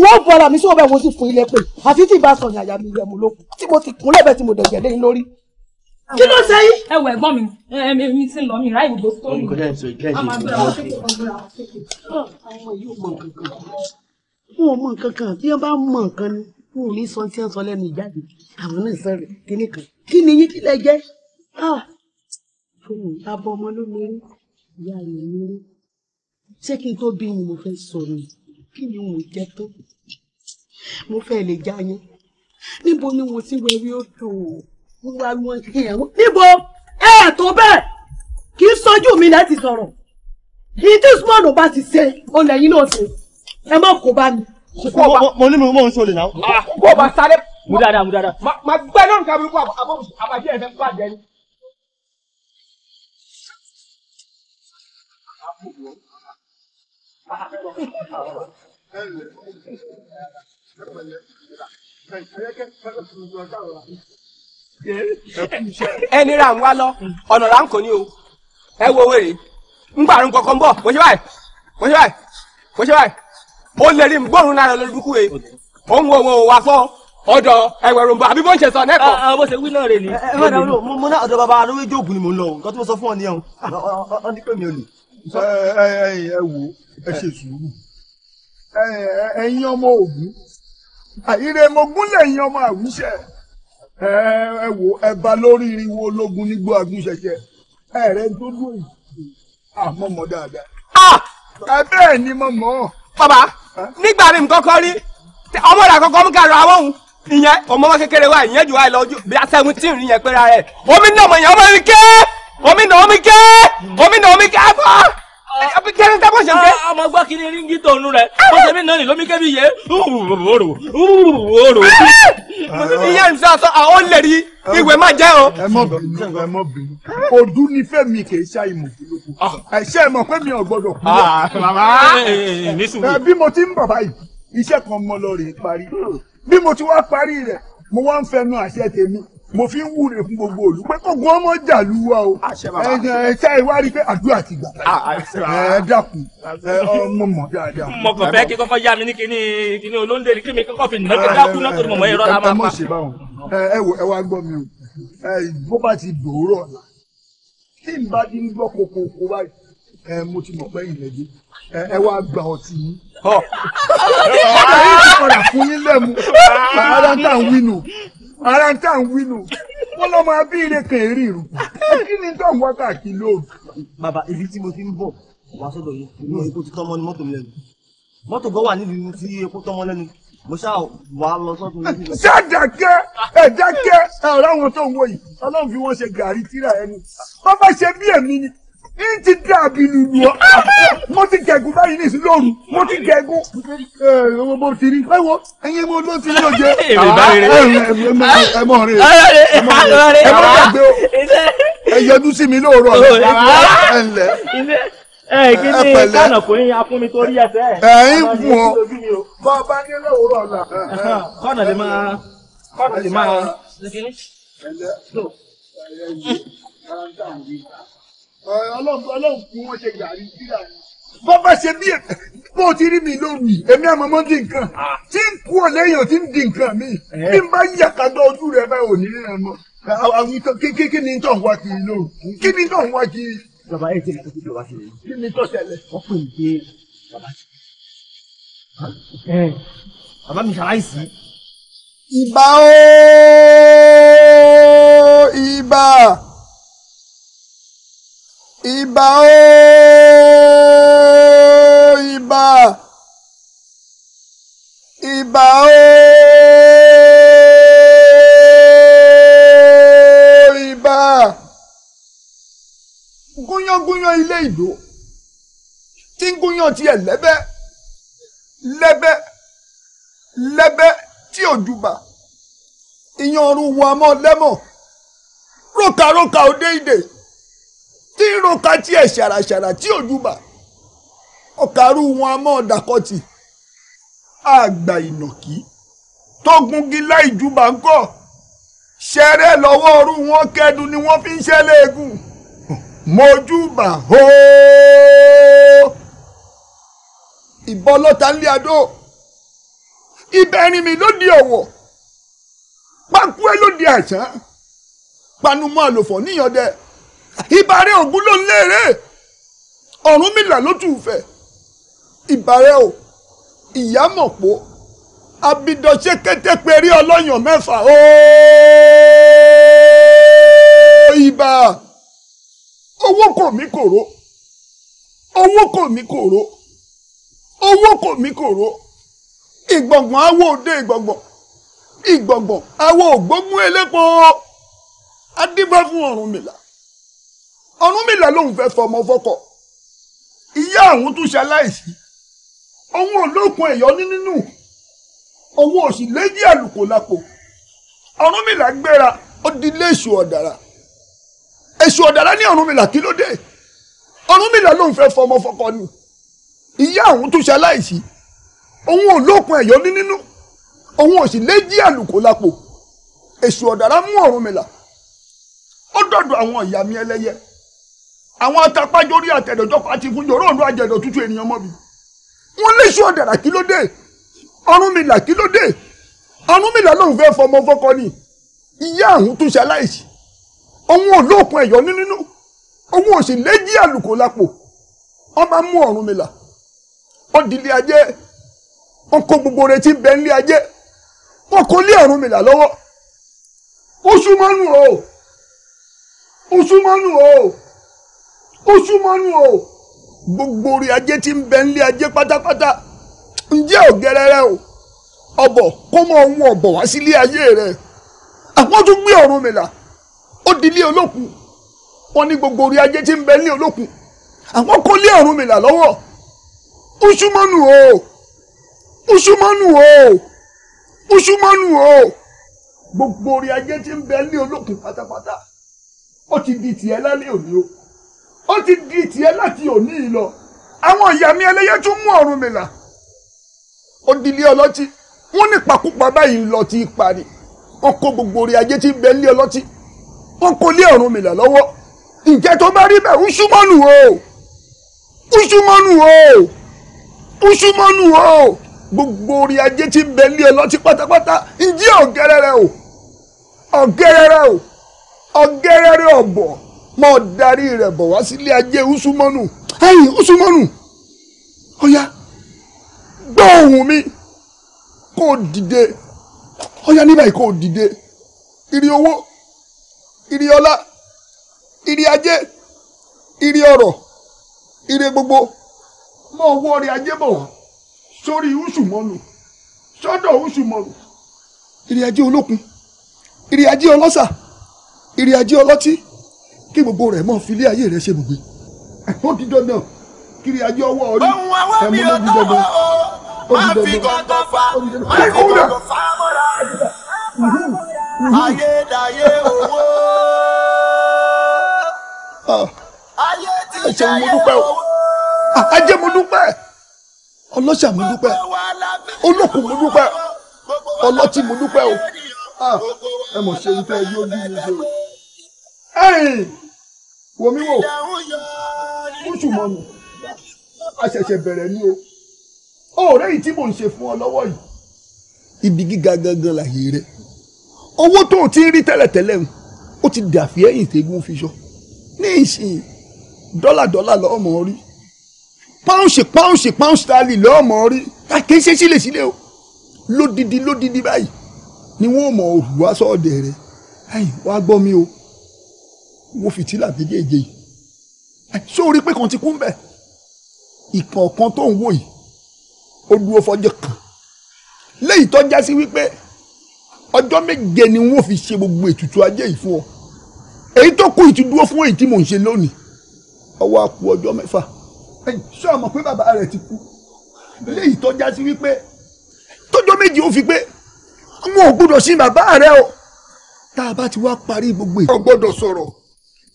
wọ́n bu ara mi sí ọbẹ̀ wo sì fún ilé pé àfi tí ìbá sọ̀yìn àyà mi yẹ mo lókun tí mo ti kún lẹ́bẹ̀ẹ́ tí mo dẹ̀jẹ̀ lé lórí kí ló ṣe yìí. ẹ wọ ẹ̀gbọ́n mi ẹmí mi ti ń lọ mi ráì gbogbo sórí. ọmọ kọjá ìṣòro ìkẹyìn ṣe ìṣòro àwọn akéèké àwọn yóò mọ nǹkan kan wọn ò mọ nǹkan kan tí wọn bá mọ nǹkan ni wọn ò ní sọ tí wọn sọ lẹ́nu ìjáde àwọn náà sọ̀rọ̀ kíní kan kí ni yín kí lẹ jẹ. fóònù abọ ọmọ ló mérí ìyá rẹ mérí ṣé kí n tó bí ni mo fẹ́ sọ ni kí ni mo jẹ tó mo fẹ́ lè já yín níbo ni mo ti wẹrí ó tó o olúwa wọn ìyàwó níbo ẹ tó bẹ́ẹ̀ kì í sọjú mi láti sọ̀rọ̀ ìyí tí usman ò bá ti ṣe olè yín náà ṣe ẹ má kó bá mi. mo ní mi mò ń ṣolè náà. Ah, kó o bá sáré. mú dáadáa mú dáadáa. màá gbẹ́ lórí kábíyí kó àbájẹ́ ẹ̀fẹ́ bàjẹ́ ni. Thank you ẹni ra ń wá lọ ọ̀nà là ń kò ní o ẹ wo wèrè ń gbàrún kankan bọ̀ mo ṣe báyìí mo ṣe báyìí mo ṣe báyìí ó lè rí gbóòórùn lára lórí dúkú e òun wo wo wà fọ́ ọ̀dọ̀ ẹwẹrùn bọ àbí bó ń ṣe sọ nẹkọ. àwọn ah, ah, bó ṣe wí náà rè ní. ẹ ẹ mo ná ọ̀dọ̀ bàbá alówó jóògùn ni mo lọ o nǹkan tí mo sọ fún ọ nìyẹn o ah, ọ ní pé mi ò lè. ẹ eh, ẹ eh, eh, ẹ wo ẹ ṣe sùúrù ẹ̀yin ọmọ Ògún àìrè mọ̀gún lẹ́yìn ọmọ àwùjẹ ẹ wò ẹ bá lórí irinwó ológun nígbó agúnṣẹṣẹ ẹ rẹ tó dùn yìí àmọ́ mọ̀ dáadáa. ẹ bẹ́ẹ̀ ni mo mọ̀. bàbá nígbà rí nǹkan kọ́ rí ọmọ rẹ̀ àkọ́kọ́ mú ká ra àwọn òun ìyẹn ọmọ wọn kékeré wa ìyẹn jù wá lọ bí a seventeen rí yẹn pé ra rẹ̀ omi náà mọ̀ yẹn ọmọ mi ké omi náà mi ké. kiri ringi tó nu rẹ̀ ó ṣe mí náà ní lómi kẹ́bi yé òòrò. iye ń sọ àwọn lè rí ìwé máa jẹ́ o. ẹ mọ bínú ẹ mọ bínú odú ní fẹmi kì í ṣá ìmọ̀ ẹṣẹ mọ pé mi ò gbọ́dọ̀ kú ọ. bí mo ti ń bàbá yìí iṣẹ́ kan mọ́ lọ rè é parí bí mo ti wá parí rẹ̀ mo wá ń fẹnu àṣẹ tèmi mo fi ń wúre fún gbogbo òlu pé kó gbọ́n mọ́ jàlú wa o ẹ ṣe ìwárí pé àdúrà ti gbà ẹ dákun ọmọ mọ dáadáa. mo kàn fẹ́ kí kọ́kọ́ yá mi ní kíní kíní olóńdè kí mi kọ́kọ́ fi nà kí dákun náà tó mọ̀ mọ́ ẹ̀rọ la máa pa. ẹ wò ẹ wá gbọ́ mi o bó bá ti dòórọ̀ ọ̀la tí n bá ti ń gbọ́ kokoko báyìí ẹ mo ti mọ̀ pé ìrẹ́jì ẹ wá gba ọtí yín. ọ̀rọ̀ yìí ti padà fún yín lẹ́mu àádọ́ta wínú ara ń tà ń wí nù wọn lọ máa bí ire kan èrè ìrùkù kí ni tó ń wá káàkiri lóòrùn. bàbá ibi tí mo ti ń bọ̀ wá sọ́dọ̀ yìí inú epo ti tọ́mọ ní mọ́tò mi lẹ́nu mọ́tò gan wà nídìí tí epo tọ́mọ lẹ́nu mo ṣáà wà á lọ sọ́dọ̀ yìí. ṣàdàkẹ́ ẹ̀dákẹ́ ẹ̀rọ àwọn tó ń wọ yìí ọlọ́run fi wọ́n ṣe gàrí tíra ẹni wọ́n bá ṣe bí èmi ni n ti dá abinu lu ọ mo ti gẹ̀gùn báyìí ní ìsìn lóru mo ti gẹ̀gùn. Eh, owó bó ti rí báwo ẹyin mo ló ti rí oje. ẹmọ rẹ ẹmọ rẹ ẹmọ gbàgbé o ẹ yọjú sí mi lóòrọ̀ oh, ah, ẹ ǹlẹ́ ẹ kí ni kánà kò ń ya fún mi torí ẹsẹ̀. ẹ ń fún ọ bá a bá ní lówùúrọ̀ ọ̀la. kọ́nà lè máa kọ́nà lè máa ọlọ́run ṣe bí bó ti rí mi lónìí èmi àmọ́ mọ́ di nǹkan ah. tí ń kú ọ̀ lẹ́yìn ti ń di nǹkan mi eh. bí n bá yàkàdọ̀ ojú rẹ báyìí ò ní ríran mọ́ kí ni tó wá kiri lóru kí ni tó wá kiri. bàbá ẹ jẹ́ ìdókòtò bàbá ṣe lè. kí ni tó ṣẹlẹ̀. wọ́n pè mí pé bàbá ti. bàbá mi ṣaláìsí. ìbà ooo ìbà ìbà Iba, Iba, ìbà ooo ìbà gúnyángúnyán ilé ìlú tí ń gúnyán tiẹ̀ lẹ́bẹ́ lẹ́bẹ́ lẹ́bẹ́ tí ò jùbà ìyanrun wọn a mọ́ lẹ́mọ̀ rókàrókà òde tí irun kan tiẹ̀ ṣàràṣàrà tí òjúbà ọ̀kàrú wọn a mọ́ ọ̀dàkọ́tì àgbà ìnàkí tó gungi láì júbà ń kọ́ ṣẹrẹ́ lọ́wọ́ ọrú wọn kẹ́dùn ni wọ́n fi ń ṣẹlẹ̀ egun mojúbà hóó ìbọn lọ́ta ń lé adó ibẹ̀ mi ló di ọ̀wọ̀ pákúẹ́ ló di àṣà panumọ́ àlòfọ̀ níyànjẹ́ ìbàrẹ̀ ògún ló ń léèrè ọ̀rúnmìlà ló tù fẹ̀ ìbàrẹ̀ o ìyámọ̀pó abidọ̀ṣe kété perí ọlọ́yàn mẹ́fà ooo ìbà owó kò mí kòró owó kò mí kòró owó kò mí kòró ìgbọ̀ngbọ̀n awo òde ìgbọ̀ngbọ̀n ìgbọ̀ngbọ̀n awo ògbógun elépo adébá fún Ọ̀rúnmìlà Ọ̀rúnmìlà lòun fẹ́ fọmọ fọkọ ìyá àwọn tún ṣe aláìsí òun ò lókun ẹ̀yọ́ ní nínú òun ò sì léjì àlùkò lápò Ọ̀rúnmìlà gbéra ó dilé èṣù ọ̀dàrà èṣù ọ̀dàrà ní Ọ̀rúnmìlà kí ló dé Ọ̀rúnmìlà lòun fẹ́ fọmọ fọkọ ni ìyá àwọn tún ṣe aláìsí òun ò lókun ẹ̀yọ́ ní nínú òun ò sì léjì àlùkò lápò èṣù ọ̀dàrà mú Ọ̀rúnmìlà ó dọ̀dọ̀ àwọn ìyá mi ẹlẹ́yẹ àwọn atapájọ orí àtẹ̀dọ̀jọ́ pàtì fún yòrò òǹdó àjẹ̀dọ̀ tútù ènìyàn mọ́ mi wọ́n lé sí ọ̀dàrà kí ló dé Ọ̀rúnmìlà kí ló dé Ọ̀rúnmìlà lòun fẹ́ fọmọ fọkọ ni ìyá àwọn tó ṣaláìsí òun ò lóòkun ẹ̀yọ́ nínú òun ò sì léjì àlùkò lápò wọ́n bá mú Ọ̀rúnmìlà wọ́n di ilé ajé wọ́n kó gbogbo retí bẹ́ẹ̀ ní ilé ajé wọ́n kó lé Ọ̀rúnmìlà lọ́wọ́ ó súnmọ́nù o ó súnmọ́nù o. oṣù mọ́nú o gbogbo orí ajé tí ń bẹ lé ajé pátápátá ǹjẹ́ ọ̀gẹ́rẹ́rẹ́ o ọbọ̀ kó mọ ohun ọ̀bọ̀ wá sílé ayé rẹ àwọn tún gbé Ọ̀rúnmìlà ó di ilé olókùn wọn ní gbogbo orí ajé tí ń bẹ lé olókùn àwọn kó lé Ọ̀rúnmìlà lọ́wọ́ oṣù mọ́nú o oṣù mọ́nú o oṣù mọ́nú o gbogbo orí ajé tí ń bẹ lé olókùn pátápátá ó ti di tìẹ lálẹ́ òní o. ó ti di tiẹ̀ láti òní yìí lọ àwọn ìyá mi ẹlẹ́yẹ tún mú ọ̀run mi là ó dilé ọlọ́tí wọ́n ní pakúpa báyìí lọ ti parí wọ́n kó gbogbo orí ajé tí ń bẹ lé ọlọ́tí wọ́n kó lé ọ̀run mi là lọ́wọ́ ǹjẹ́ tó bá rí bẹ́ẹ̀ ńṣúmọ́nù o ńṣúmọ́nù o ńṣúmọ́nù o gbogbo orí ajé tí ń bẹ lé ọlọ́tí pátápátá ǹjẹ́ ọ̀gẹ́rẹ́rẹ́ o ọ̀gẹ́rẹ́rẹ́ o ọ̀gẹ́rẹ́rẹ́ ọ̀bọ̀ mọ darí rẹ̀ bọ̀ wá sílé ajé usumọ́nù ẹ̀yìn usumọ́nù ọ̀yá gbọ́ ohùn mi kó o dìde ọ̀yá ní báyìí kó o dìde ìrì owó ìrì ọlá ìrì ajé ìrì ọrọ̀ ìrì gbogbo Mọ owó ọrẹ ajé bọ̀ wá sórí usumọ́nù sọ́dọ̀ usumọ́nù ìrì ajé olókun ìrì ajé ọlọ́sà ìrì ajé ọlọ́tí. kí gbogbo rẹ̀ mọ́ filé ayé rẹ̀ ṣe bùgbé ó di dandan kiri ajé ọwọ́ orí ẹ̀mú ló di dandan ó di dandan ó di dandan ó di dandan. ayédáyé owó ah. ayé owó ah, ajé mo dúpẹ́ ọlọ́ṣà mo dúpẹ́ olókùn mo dúpẹ́ ọlọ́tí mo dúpẹ́ o ah, ẹ mọ̀ ṣe ń fẹ́ yóò bí mi ṣe o wo mi wò mùsù mọ́nu a ṣẹ̀ṣẹ̀ bẹ̀rẹ̀ ní o ọ̀rẹ́ yìí tí mò ń ṣe fún ọ lọ́wọ́ yìí ibi gíga gangan làyè rẹ owó tó o ti rí tẹ́lẹ̀tẹ́lẹ̀ ń ó ti dàfí ẹ̀yìn tẹ́gùn fi ṣọ ní ìsìn dọ́là dọ́là lọ́mọ rí pọ́ùnsì pọ́ùnsì pọ́ùnsì tálì lọ́mọ rí a kì í ṣe sílẹ̀ sílẹ̀ o lódidi lódidi báyìí ni wọ́n mọ̀ òhùwà sọ́ọ̀dẹ̀ rẹ̀ wàá gbọ́ mi o wo fìtílà méjèèjì yìí ṣé o rí pé kan ti kú mbẹ ìkọ̀ọ̀kan tó ń wò yìí ó dúró fọjọ́ kan léyìí tó já sí wípé ọjọ́ méje ni wọ́n fi ṣe gbogbo ètùtù ajé yìí fún ọ èyí tó kù yìí ti dúró fún èyí tí mò ń ṣe lónìí ọwọ́ á kù ọjọ́ mẹ́fà ṣé o pé bàbá rẹ̀ ti kú léyìí tó já sí wípé tọ́jọ́ méje ó fi pé wọn ò gbọ́dọ̀ sí bàbá rẹ̀ o tá a bá ti wá parí gbogbo èyí. o gbọ́dọ̀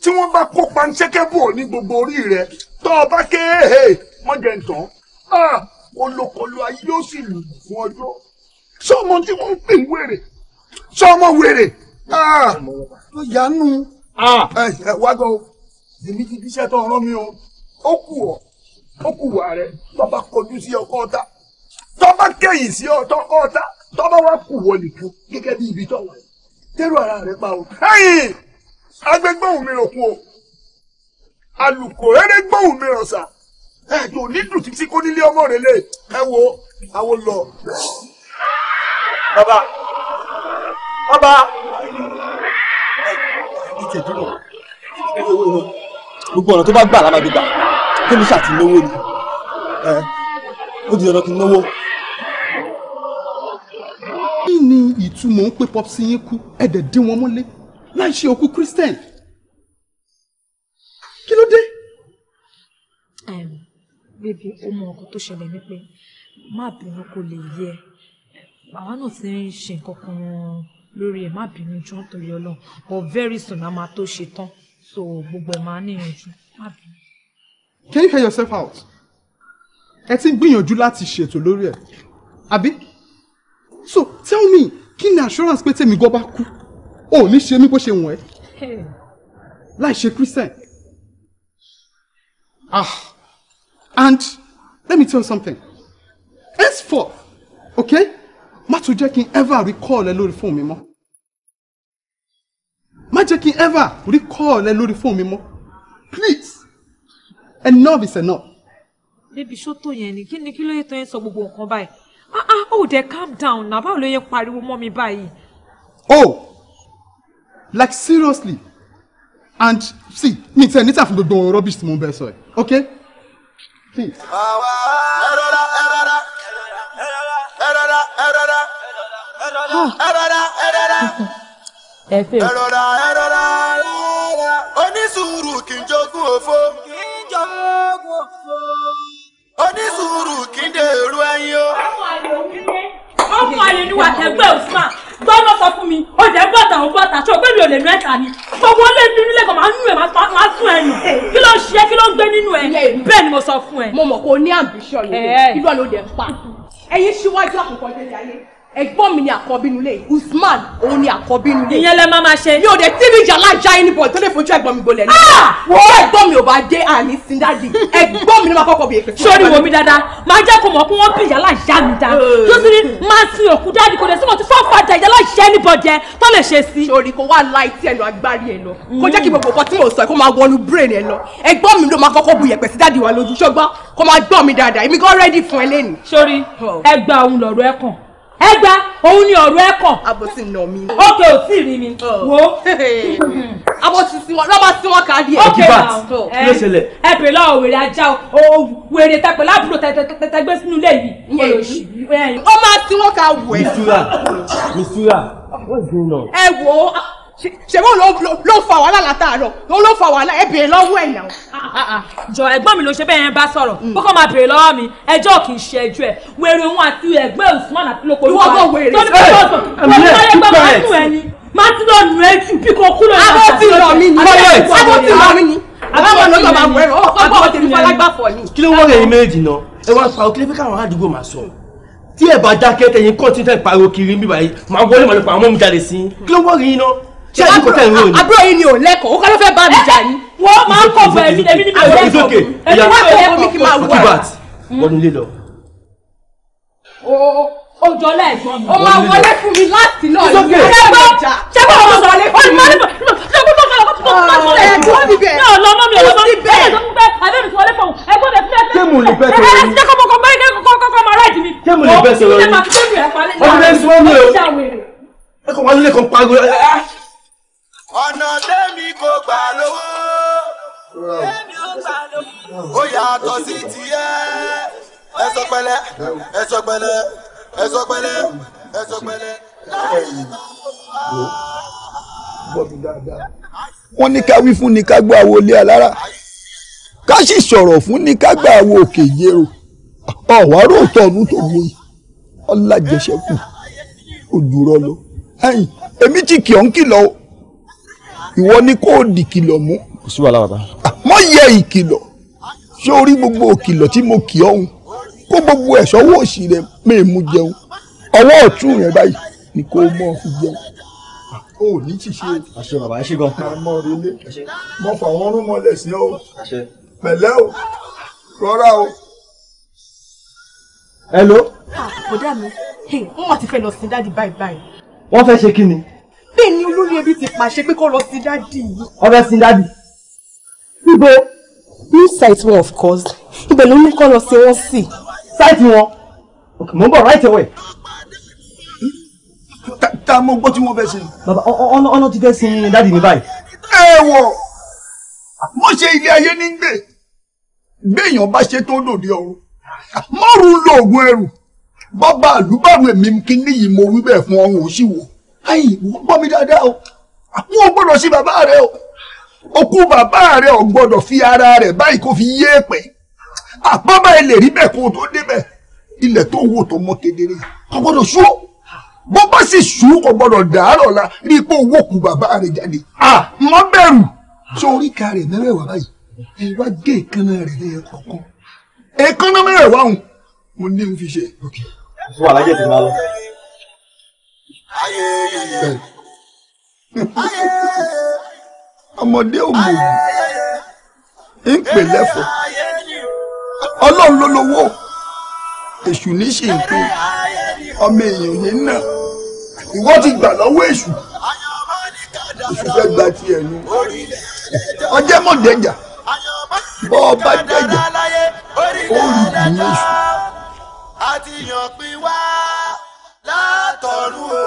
tí wọ́n bá kó panṣẹ́kẹ́ bò ní gbogbo orí rẹ̀ tọ́ ọ bá ké he mọ́jẹ̀ ń tán ayé yóò sì lù fún ọjọ́ sọmọ tí wọ́n ń pè ń wèrè sọmọ wèrè ló yánú wá gbọ́ èmi ti fi iṣẹ́ tó rán mi o ó kù ọ́ ó kù wà rẹ̀ bàbá kọjú sí ọkọ ọ̀tá tọ́ba kẹ̀yìn sí ọ̀tọ́ ọ̀tá tọ́ba wá kù wọ nìkan gẹ́gẹ́ bí ibi tọ́wọ́ tẹ́rù ara rẹ̀ pa o agbẹgbọ́n mi ràn kú o alùkò rere gbọ́n mi ràn sà ẹ̀jọ̀ onídùn títí kó nílé ọmọ rẹ lé ẹ wo àwo lọ. bàbá bàbá ìjẹ̀dúrà gbogbo ọ̀nà tó bá gbà lábàá gbígbà kémi ṣàtìlówó ni ó di dandan kí n náwó. kí ni ìtumọ̀ ń pé pọ́pì sí yín kú ẹ̀dẹ̀ dín wọn mọ́lé láì ṣe òkú christian kí ló dé. bébí ó ọkọ tó ṣẹlẹ̀ ní pé má bínú kó lè yẹ àwa náà ti ń ṣe nǹkan kan lórí ẹ̀ má bínú jọ nítorí Ọlọ́run but very soon a máa tó ṣe tán so gbogbo ẹ̀ máa níyànjú má bínú. can you hear yourself out ẹ ti ń gbìyànjú láti ṣètò lórí ẹ̀ àbí so tell me kí ni assurance pé tèmi gan bá kú ò ní ṣe mí bó ṣe wọ̀n ẹ́ láì ṣe christian ah and let me tell you something for, okay má tún jẹ́ kí n ever recall ẹ lórí fóònù mi mọ́ má jẹ́ kí n ever recall ẹ lórí fóònù mi mọ́ please enough is enough. bébí ṣótó yẹn ni kí ni kí ló yẹ tó yẹn sọ gbogbo nǹkan báyìí ah ah oh dey calm down na báwo ló yẹ pariwo mọ́ mi báyìí. oh like seriously and see mi tẹ níta fún gbogbo rubbish tí mo bẹ sọ ẹ ok please. onísùúrù kì í jogún òfo. onísùúrù kì í dèrò ẹyin o. ọmọ àlè òkúté ọmọ tẹgbẹ́ òsùnmá gbọ́dọ̀ sọ fún mi o jẹ́ bọ́tà o bọ́tà ṣọ pé mi ò lè nu ẹ̀ta ni gbogbo ó lé bí kan máa ń nu ẹ̀ máa fún ẹ̀ nù kí ló ń ṣe kí ló ń gbé nínú ẹ̀ bẹ́ẹ̀ ni mo sọ fún ẹ. mo mọ̀ kó o ní ambition yìí irú àlọ́ dẹ̀ ń pa ẹ̀yin síwájú àkùkọ délé ayé ẹ̀gbọ́n mi ni àkọ́bí nulẹ̀ Usman òun ni àkọ́bí nulẹ̀. ìyẹn lẹ máa máa ṣe. mi ò dé tíbi ìjà alájà yín níbo tó lè fojú ẹ̀gbọ́n mi gbolẹ̀ nígbà. Ah! wọ́n ẹ̀gbọ́n mi ò bá dé àní síndádì ẹ̀gbọ́n mi ni máa kọ́kọ́ bèèrè. sórí wo mi dáadáa máa jẹ́ kó mọ̀ kó wọ́n pè ìyá alájà mi dá. tó sì ní máa sin òkú dáàdì kò dé símọ̀ tí fọ́ọ̀fàdà ìyá alájà ẹni bọ̀ jẹ tó lè ṣe sí. sórí kò wá láì tí ẹnu agbárí ẹ lọ kó jẹ́ kí hmm. gbogbo nǹkan tí mò ń sọ ẹ gba òun ni ọ̀rọ̀ ẹ kàn. abosi nà mí. ókè ò tí ì rí mi. Oh. wo. abosi sí wọn lọ́ba sí wọn kárí ẹ̀. ókè náà kí ló ṣẹlẹ̀. ẹ bèrè lọ́wọ́ wèrè ajá o wèrè tẹ pẹ̀lú àbúrò tẹ̀tẹ̀ gbé sínú ilé yìí. ó máa tí wọn ká wù ẹ́. misura misura what's going on. ẹ wo ṣèwọ́n ló fa wàhálà látàárọ̀ ló fa wàhálà ẹ béèrè lọ́wọ́ ẹ̀ náà. Ah, ah, ah. jọ ẹ̀gbọ́n mi ló ṣe bẹ́ẹ̀ yẹn bá sọ̀rọ̀ mm. ó kàn máa béèrè lọ́wọ́ mi ẹjọ́ kì í ṣe ẹjọ́ ẹ̀ wèrè òun àti ẹ̀gbẹ́ Usman àti lóko lóko tó ní kí ló sọ tó ní kí ló máa nù ẹni máa ti lọ nù ẹjù bí kò kúrò ní àṣà tó ti rọ mi ni àbáwọn ló lọ máa wẹrẹ ọ sọgbọn ọtí ní falágbàfọ ni. kí ló wọ́n rẹ̀ yín méjì náà ẹ wá sọ àwọn kí ló fẹ́ káwọn àdúgbò máa sọ tí ẹ bá dákẹ́ tẹ̀yìn kọ́ńtínítà ìpariwo kiri bíbá yìí máa wọlé màlúù pa àwọn ọmọ mi jáde sí i kí ló wọ́n rí iná ṣé ẹni kò tẹ̀ ń ròyìn. àbúrò yìí ni ò lẹ́kọ̀ọ́ ó kọ́ ló fẹ́ bá mi jà yín. wọ́n máa ń kọ̀ fún ẹ̀mí ẹ̀mí ni mi ò lẹ́kọ̀ọ́ ẹ̀mí wọ́n fẹ́ ẹ̀kọ́ mi kì máa wà. wọ́n nílé lọ. o jọ lẹ́ẹ̀gbọ́n mi. o máa wọlé fún mi láti náà ní ọjọ́ ìjà. ṣé bá wọn sọ lé fún mi. ẹ̀gbọ́n mi bẹ́ẹ̀. náà lọ́mọ mi ọ̀rọ̀ mi bẹ́ẹ̀. ẹ̀gbọ́n mi bẹ́ẹ̀ tẹ́mu lè bẹ́ẹ̀ sọ̀rọ̀ yìí ọdún bẹ́ẹ̀ sọ̀rọ̀ yìí ẹ kàn wá lé kan pariwo ọ̀nà tẹ́mi kò gbà lówó ó yàtọ̀ sí tiẹ̀ ẹ sọ pẹ̀lẹ́ ẹ sọ pẹ̀lẹ́ ẹ sọ pẹ̀lẹ́ ẹ sọ pẹ̀lẹ́ láyé tó wá. wọ́n ní ká wí fún ni ká gbọ́ àwo ilé alára ká sì sọ̀rọ̀ fún ni ká gbọ́ àwo òkè yẹ̀rọ ọ̀wá ròótọ́ ọ̀nù tó wọ yìí ọ̀làjẹsẹ̀kù òjùrọ̀ lọ ẹ̀yìn èmi ti kì ọ́ kìlọ̀ o ìwọ ní kóòdì kìlọ̀ mú. kò sí wàhálà bàbá. àmọ́ ah, yẹ ìkìlọ̀ ṣé o rí gbogbo òkìlọ̀ tí mo kì ọ́hún kó gbogbo ẹ̀ sọ́wọ́ òsì rẹ̀ mẹ́ẹ̀ mú jẹun ọwọ́ ọ̀tún rẹ̀ báyìí ni kó o mọ̀ fi jẹun. Ah, o ò ní ṣiṣẹ́ o. àṣẹ bàbá ẹ ṣe gan. àmọ́ relé mo fà wọ́n rún mọ́lẹ̀ sí o pẹ̀lẹ́ o rọra o. hello. kò ah, dá mi n wọ́n ti fẹ́ lọ sí dáàdi báyìí báyìí. wọ́n fẹ́ ṣe kí ni bẹ́ẹ̀ ni olórí ẹbí ti pàṣẹ pé kó lọ sí dádì yìí. ọ̀rẹ́ sí dádì. ibo ní site wọn of course ibẹ̀ ló ní kó lọ sí wọn sí. site wọn ok mo ń bọ̀ right away. ta mo gbọ́ tí wọ́n fẹ́ ṣe. bàbá ọ̀nà ọ̀nà ti fẹ́ sin dádì mi báyìí. ẹ wọ mo ṣe ilé ayé ní gbè béèyàn bá ṣe tó lòdì ọrùn mọ́rùn-ún lo oògùn ẹrù bọ́ba àlùbáwẹ̀ mi kí níyì mo wí bẹ́ẹ̀ fún ọrùn òṣìwò ayi wọ́n gbọ́ mi dáadáa o wọ́n gbọ́dọ̀ sí bàbá rẹ o òkú bàbá rẹ ò gbọ́dọ̀ fi ara rẹ̀ báyìí kó fi yé pẹ́ àbábá ilé rí bẹ́ẹ̀ kó o tó débẹ̀ ilẹ̀ tó wò tó mọ́ kedere kò gbọ́dọ̀ sú bó bá sì sú kò gbọ́dọ̀ dàárọ̀ la rí i pé owó kù bàbá rẹ jáde mọ́ bẹ̀rù sórí ka rẹ̀ mẹ́rẹ̀wá báyìí ẹ wá gé èékánná rẹ̀ lẹ́yìn kọ̀ọ̀kan èékánná mẹ́rẹ̀wá òun mo ní ọmọdé ò mọ̀ ń pè lẹ́fọ̀ ọlọ́run ló lówó èṣù ní ṣe nǹkan ọmọ èèyàn ní náà ìwọ ti gbà lọ́wọ́ èṣù èṣù fẹ́ gba tiẹ̀ nu ọjẹ́ mọ̀ dẹ́jà bọ́ ọ bá dẹ́jà ó rí ìdùnnú èṣù látọ̀run o.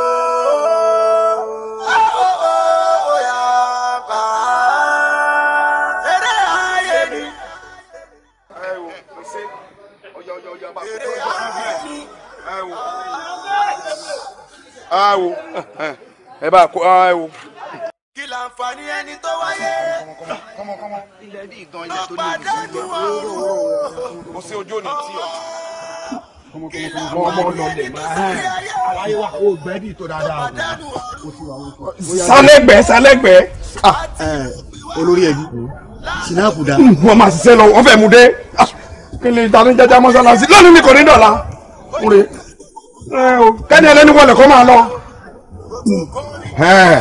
awo ẹ bá kó awo. kí láǹfààní ẹni tó wáyé. kọ́mọ kọ́mọ ilẹ̀ ní ìdán ilẹ̀ tó ní ìdílé. ọ̀pá dájú wà ó. mo ṣe ojú òní tí o sálẹ̀gbẹ́ sálẹ̀gbẹ́. Ah. olórí ẹbí sinapu da. Hmm, wọ́n máa ṣiṣẹ́ lọ wọ́n fẹ́ mu dé ah, kele ìdáná jájá mọ́sálásí lónìí mi kò ní dọ̀la eh, kẹ́ni ẹlẹ́ni wọlé kó máa lọ. Hmm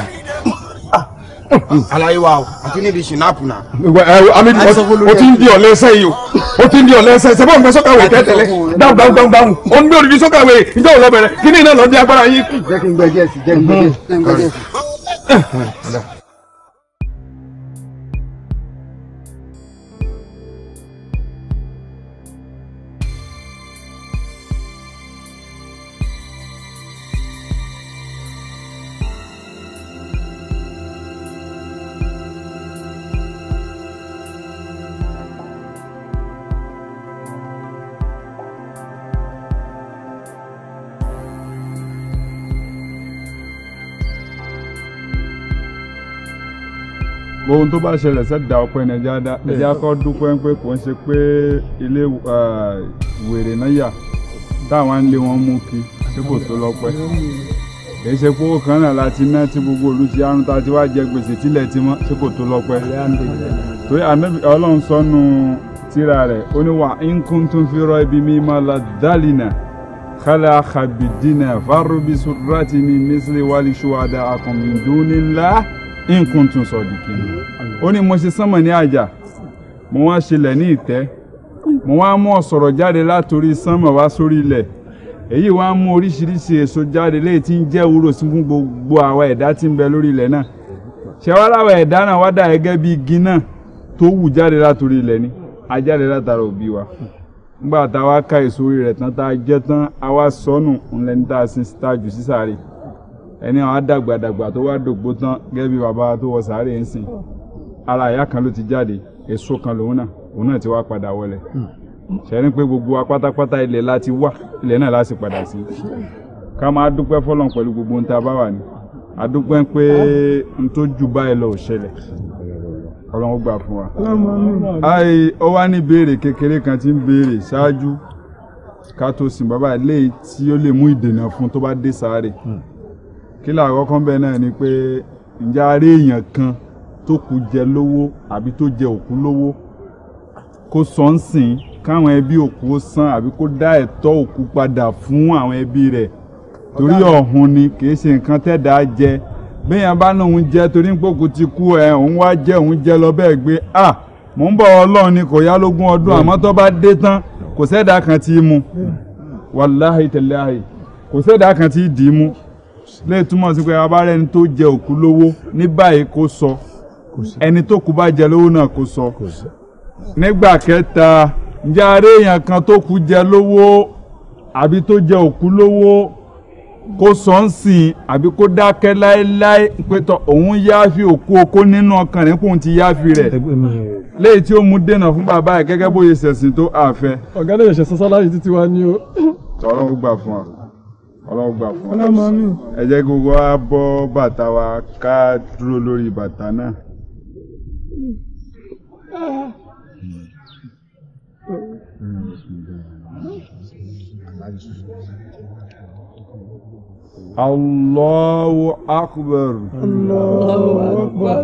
alaye wa o àti níbi sinapu na. ami o ti ń di ọlẹ́sẹ̀ yìí o o ti ń di ọlẹ́sẹ̀ sẹ́fọ́ nǹkan sọ́kàwé tẹ́tẹ́lẹ́ dáhùn dáhùn dáhùn dáhùn o ń bí olùdí sọ́kàwé ìjọ òun lọ bẹ̀rẹ̀ kí ni iná lọ di agbára yín jẹ́ kí n gbẹ díẹ̀ sí jẹ́ kí n gbẹ díẹ̀ sí. ohun tó bá ṣẹlẹ̀ sẹ́dá ọpẹ́ nàìjíríà dá ẹ̀jẹ̀ akọ́ dúpẹ́ pé kò ń ṣe pé ilé wèrè náà yà táwọn ń lé wọn mú kí tí kò tó lọ́pẹ́ kì í ṣe pé owó kan náà láti ná tí gbogbo olú ti àrùn tá a ti wá jẹ gbèsè tílẹ̀ ti mọ́ tí kò tó lọ́pẹ́ torí ọlọ́run sọnù tíra rẹ̀ ó ní wà in kuntum fi raybim ladhalina khala khabidina farubi surrati min misli wali shuhada akum min dunillah. in kuntun sọ̀dìkìnì ó ní mo ṣe ní àjà mo wá ṣẹlẹ̀ ní ìtẹ́ mo wá mú ọ̀sọ̀rọ̀ jáde látòrí sánmọ̀ wá sórí ilẹ̀ èyí wá mú oríṣiríṣi èso jáde léyìí tí ń jẹ́ wúrò sí fún gbogbo àwa ẹ̀dá tí ń bẹ lórí náà a jáde látara òbí wa nígbà ká èso orí tán tá a jẹ tán a wá sọnù jù ẹni àwọn àdàgbàdàgbà tó wá dògbò tán gẹ́gẹ́ bí bàbá tó wọ sàárè ń sìn ara ìyá kan ló ti jáde èso kan lòun náà òun náà ti wá padà wọlé ṣẹ́ni pé gbogbo wa pátápátá ilẹ̀ la ti wá ilẹ̀ náà la padà sí ká máa dúpẹ́ fọlọ́n pẹ̀lú gbogbo ohun tá a bá wà ní adúpẹ́ pé n tó jù báyìí lọ ò ṣẹlẹ̀ ọlọ́run gbà fún wa. ayi ó wá ní béèrè kékeré kan tí ń béèrè ṣáájú ká tó sìn bàbá léyìí tí ó lè mú ìdènà fún tó bá dé sáré. Hmm. kí làwọn kan bẹ́ẹ̀ náà ni pé ǹjẹ́ a rí èèyàn kan tó kù jẹ lówó àbí tó jẹ òkú lówó kó sọ ń sìn káwọn ẹbí òkú ó san àbí kó dá ẹ̀tọ́ òkú padà fún àwọn ẹbí rẹ̀ torí ọ̀hún ni kì í ṣe nǹkan tẹ́dá jẹ béèyàn bá ní òun jẹ torí pé ti kú ẹ òun wá jẹ òun jẹ lọ bẹ́ẹ̀ gbé à mò ń bọ̀ ọlọ́run ni kò yá lógún ọdún àmọ́ tó bá dé tán kò sẹ́dá kan tí mu hmm. wàláhì tẹ̀láhì kò sẹ́dá kan tí dì í mu lè túmọ̀ sí pé abárẹ́ ẹni tó jẹ òkú lówó ní báyìí kó sọ ẹni tó kú bá jẹ lówó náà kó sọ nígbà kẹta ǹjẹ́ aré èèyàn kan tó kú jẹ lówó àbí tó jẹ òkú lówó kó sọ ń sìn àbí kó dákẹ́ láéláé pé tọ òun yááfi òkú okó nínú ọkàn rẹ̀ kóun ti yááfi rẹ̀ léyìí tí ó mú dènà fún bàbá ẹ̀ gẹ́gẹ́ bóyá ṣẹ̀sìn tó àfẹ́. ọ̀gá lè ṣẹ̀sán sálárì títí wá ní o. tọrọ gbà fún ọ ọlọ́run fún ọlọ́mọ mi. ẹ jẹ́ gbogbo wa bọ́ bàtà wa ká dúró lórí bàtà náà. Allahu akbar. Allahu akbar.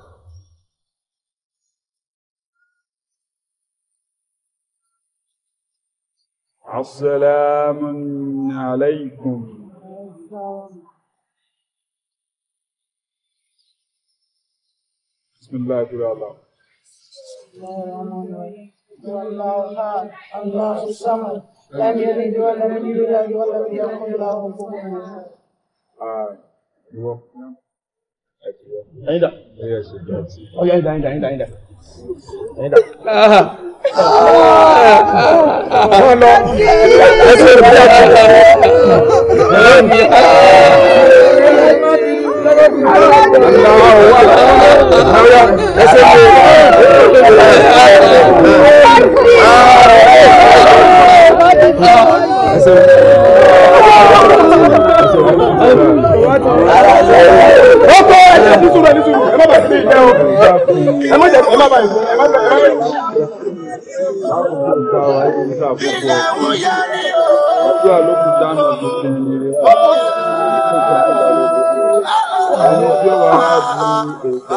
السلام عليكم بسم الله الرحيم الله الله الله الصمد لم يلد ولم يولد ولم يكن له كفوا عندك عندك عندك عندك عندك wọn lọ ẹsẹ̀ rẹ̀ bí a ti lọ lẹ́yìn mi. ẹsẹ̀ mi. ẹsẹ̀ mi. ọkọ ní sùúrù ẹ ní sùúrù ẹ má bàa sí ìjẹ o ẹ má jẹ ẹ má bàa ẹ má bàa ẹ má bàa. àdúrà ló kù dáná ju ti ìrírí àwọn tí ó wà á bu ètò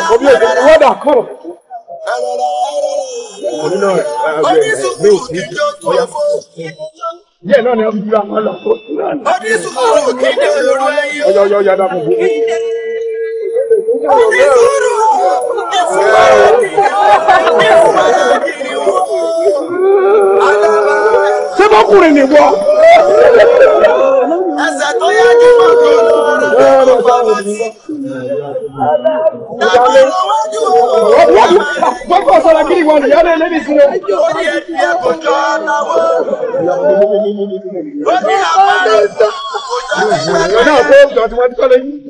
àkọ́bí ètò ìwọ́dà kọ̀rọ̀ onílọ̀ ẹgbẹ́ mi ò sí ọ̀yà díẹ̀ náà ni wọ́n fi jura wọn lọ. ọdún sùúrù kéde olóró ẹyin. ọyọ ọyọ yàrá fún mi. ọdún sùúrù ìfúnwá òkè ìfúnwá òkè ìwọ. alábàá ṣé bọ́kùnrin ni wọ́. ẹsẹ̀ tó yẹ kí wọ́n kọ́ lọ́rọ̀ ló bá wà sí. dàbí lọ́wọ́jú. gbọ́dọ̀ sọ̀rọ̀ kiri wọn ìyá rẹ̀ lẹ́bi sílẹ̀. orí ẹbí ẹ kò jọ àtàwọn. ó ní àbáyé ojú ẹgbẹ́ rẹ̀. náà kó jọ tí wọ́n ti kọ́lé yín.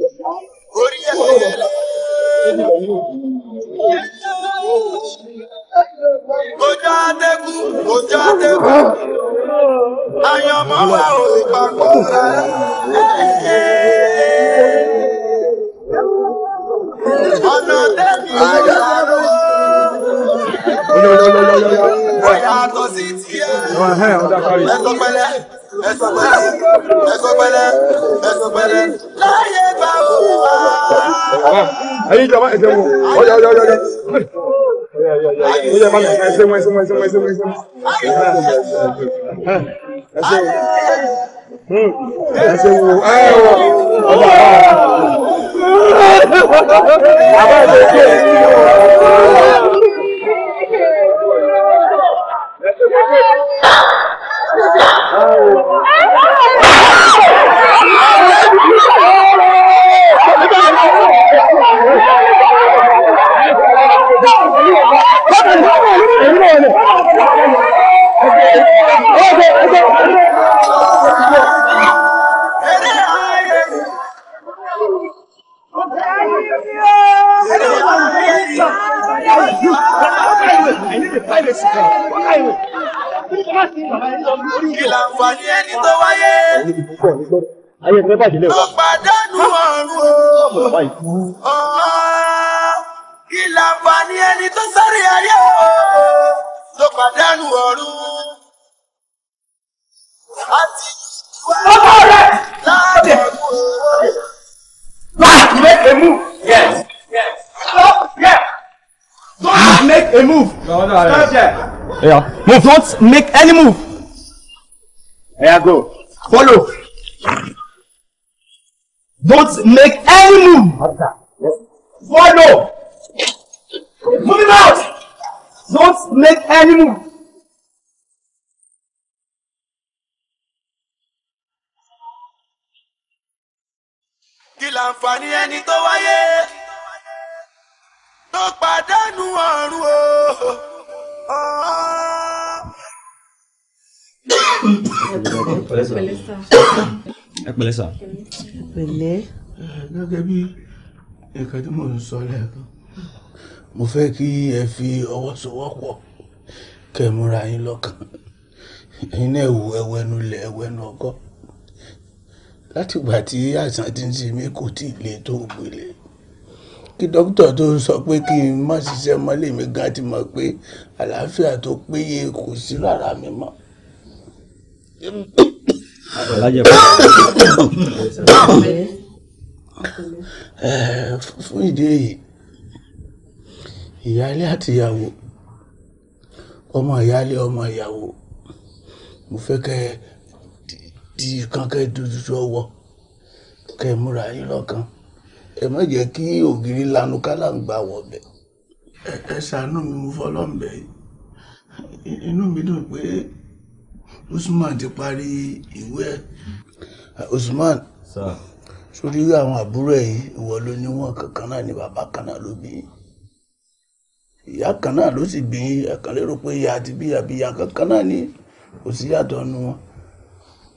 orí ẹgbẹ́ rẹ̀. Ojú àtẹ́kù, ojú àtẹ́kù. Àyànmọ́ wa ò sì papọ̀ rárá. Ọ̀nà tẹ́mi ló yàrá. Ó yàtọ̀ sí tiẹ̀. Ẹ̀sọ́ pẹ̀lẹ́, ẹ̀sọ́ pẹ̀lẹ́, ẹ̀sọ́ pẹ̀lẹ́, ẹ̀sọ́ pẹ̀lẹ́. Láyé gbà wò wá. Ẹyin jọba ẹ̀jẹ̀ wò, ọ̀yọ̀ ọ̀yọ̀ ọ̀yọ̀ ó Ayé ẹgbẹ́ bàjẹ́ lẹ́wọ̀. Ọ̀pàdánù ọ̀run o. Ọ̀pàdánù ọ̀run o kí làǹfààní ẹni tó sáré ayé ló pàdánù ọ̀run. àti ọmọ rẹ láàbọ̀ Don't make a move. Yes. Yes. Stop. Yes. Don't ah. make a move. No, no, no. Stop there. Yeah. Move. Don't make any move. There you go. Follow. Don't make any move. Follow. Move him out! Don't make any move. Kí láǹfààní ẹni tó wáyé tó pàdánù ọ̀run o. pẹ̀lẹ́ sà. pẹ̀lẹ́. Gẹ́gẹ́ bí nǹkan tí mò ń sọ lẹ́ẹ̀kan mo fẹ́ kí ẹ fi ọwọ́ sowọ́pọ̀ kẹ́ ẹ múra yín lọ́kàn ẹ̀yin náà wò ẹwẹ́nu lẹ̀ ẹwẹ́nu ọgọ́ látìgbà tí àìsàn ti ń ṣe mí kò tí ì le tó gbélé kí dókítà tó sọ pé kí n má ṣiṣẹ́ mọ́ lèmi gan ti mọ̀ pé àlàáfíà tó péye kò sí lára mi mọ́. fún ìdí èyí ìyáálé àtìyàwó ọmọ ìyáálé ọmọ ìyàwó mo fẹ́ kẹ́ di kan kẹ́ dojútú ọwọ́ kẹ́ múra yín lọ́kàn ẹ má jẹ́ kí ògiri lanu kálàǹgbà wọ̀bẹ̀ ẹ ṣàánú mi mo fọlọ́ǹbẹ̀ inú mi dùn pé Usman ti parí ìwé ẹ̀ Usman sórí àwọn àbúrò ẹ̀ yìí ìwọ ló ní wọn kankan náà ni bàbá kan náà ló bí yìí ìyá kan náà ló sì gbìn ẹ̀kan lérò pé ìyá àti bí àbí ìyá kankan náà ni kò sí yàtọ̀ nu wọn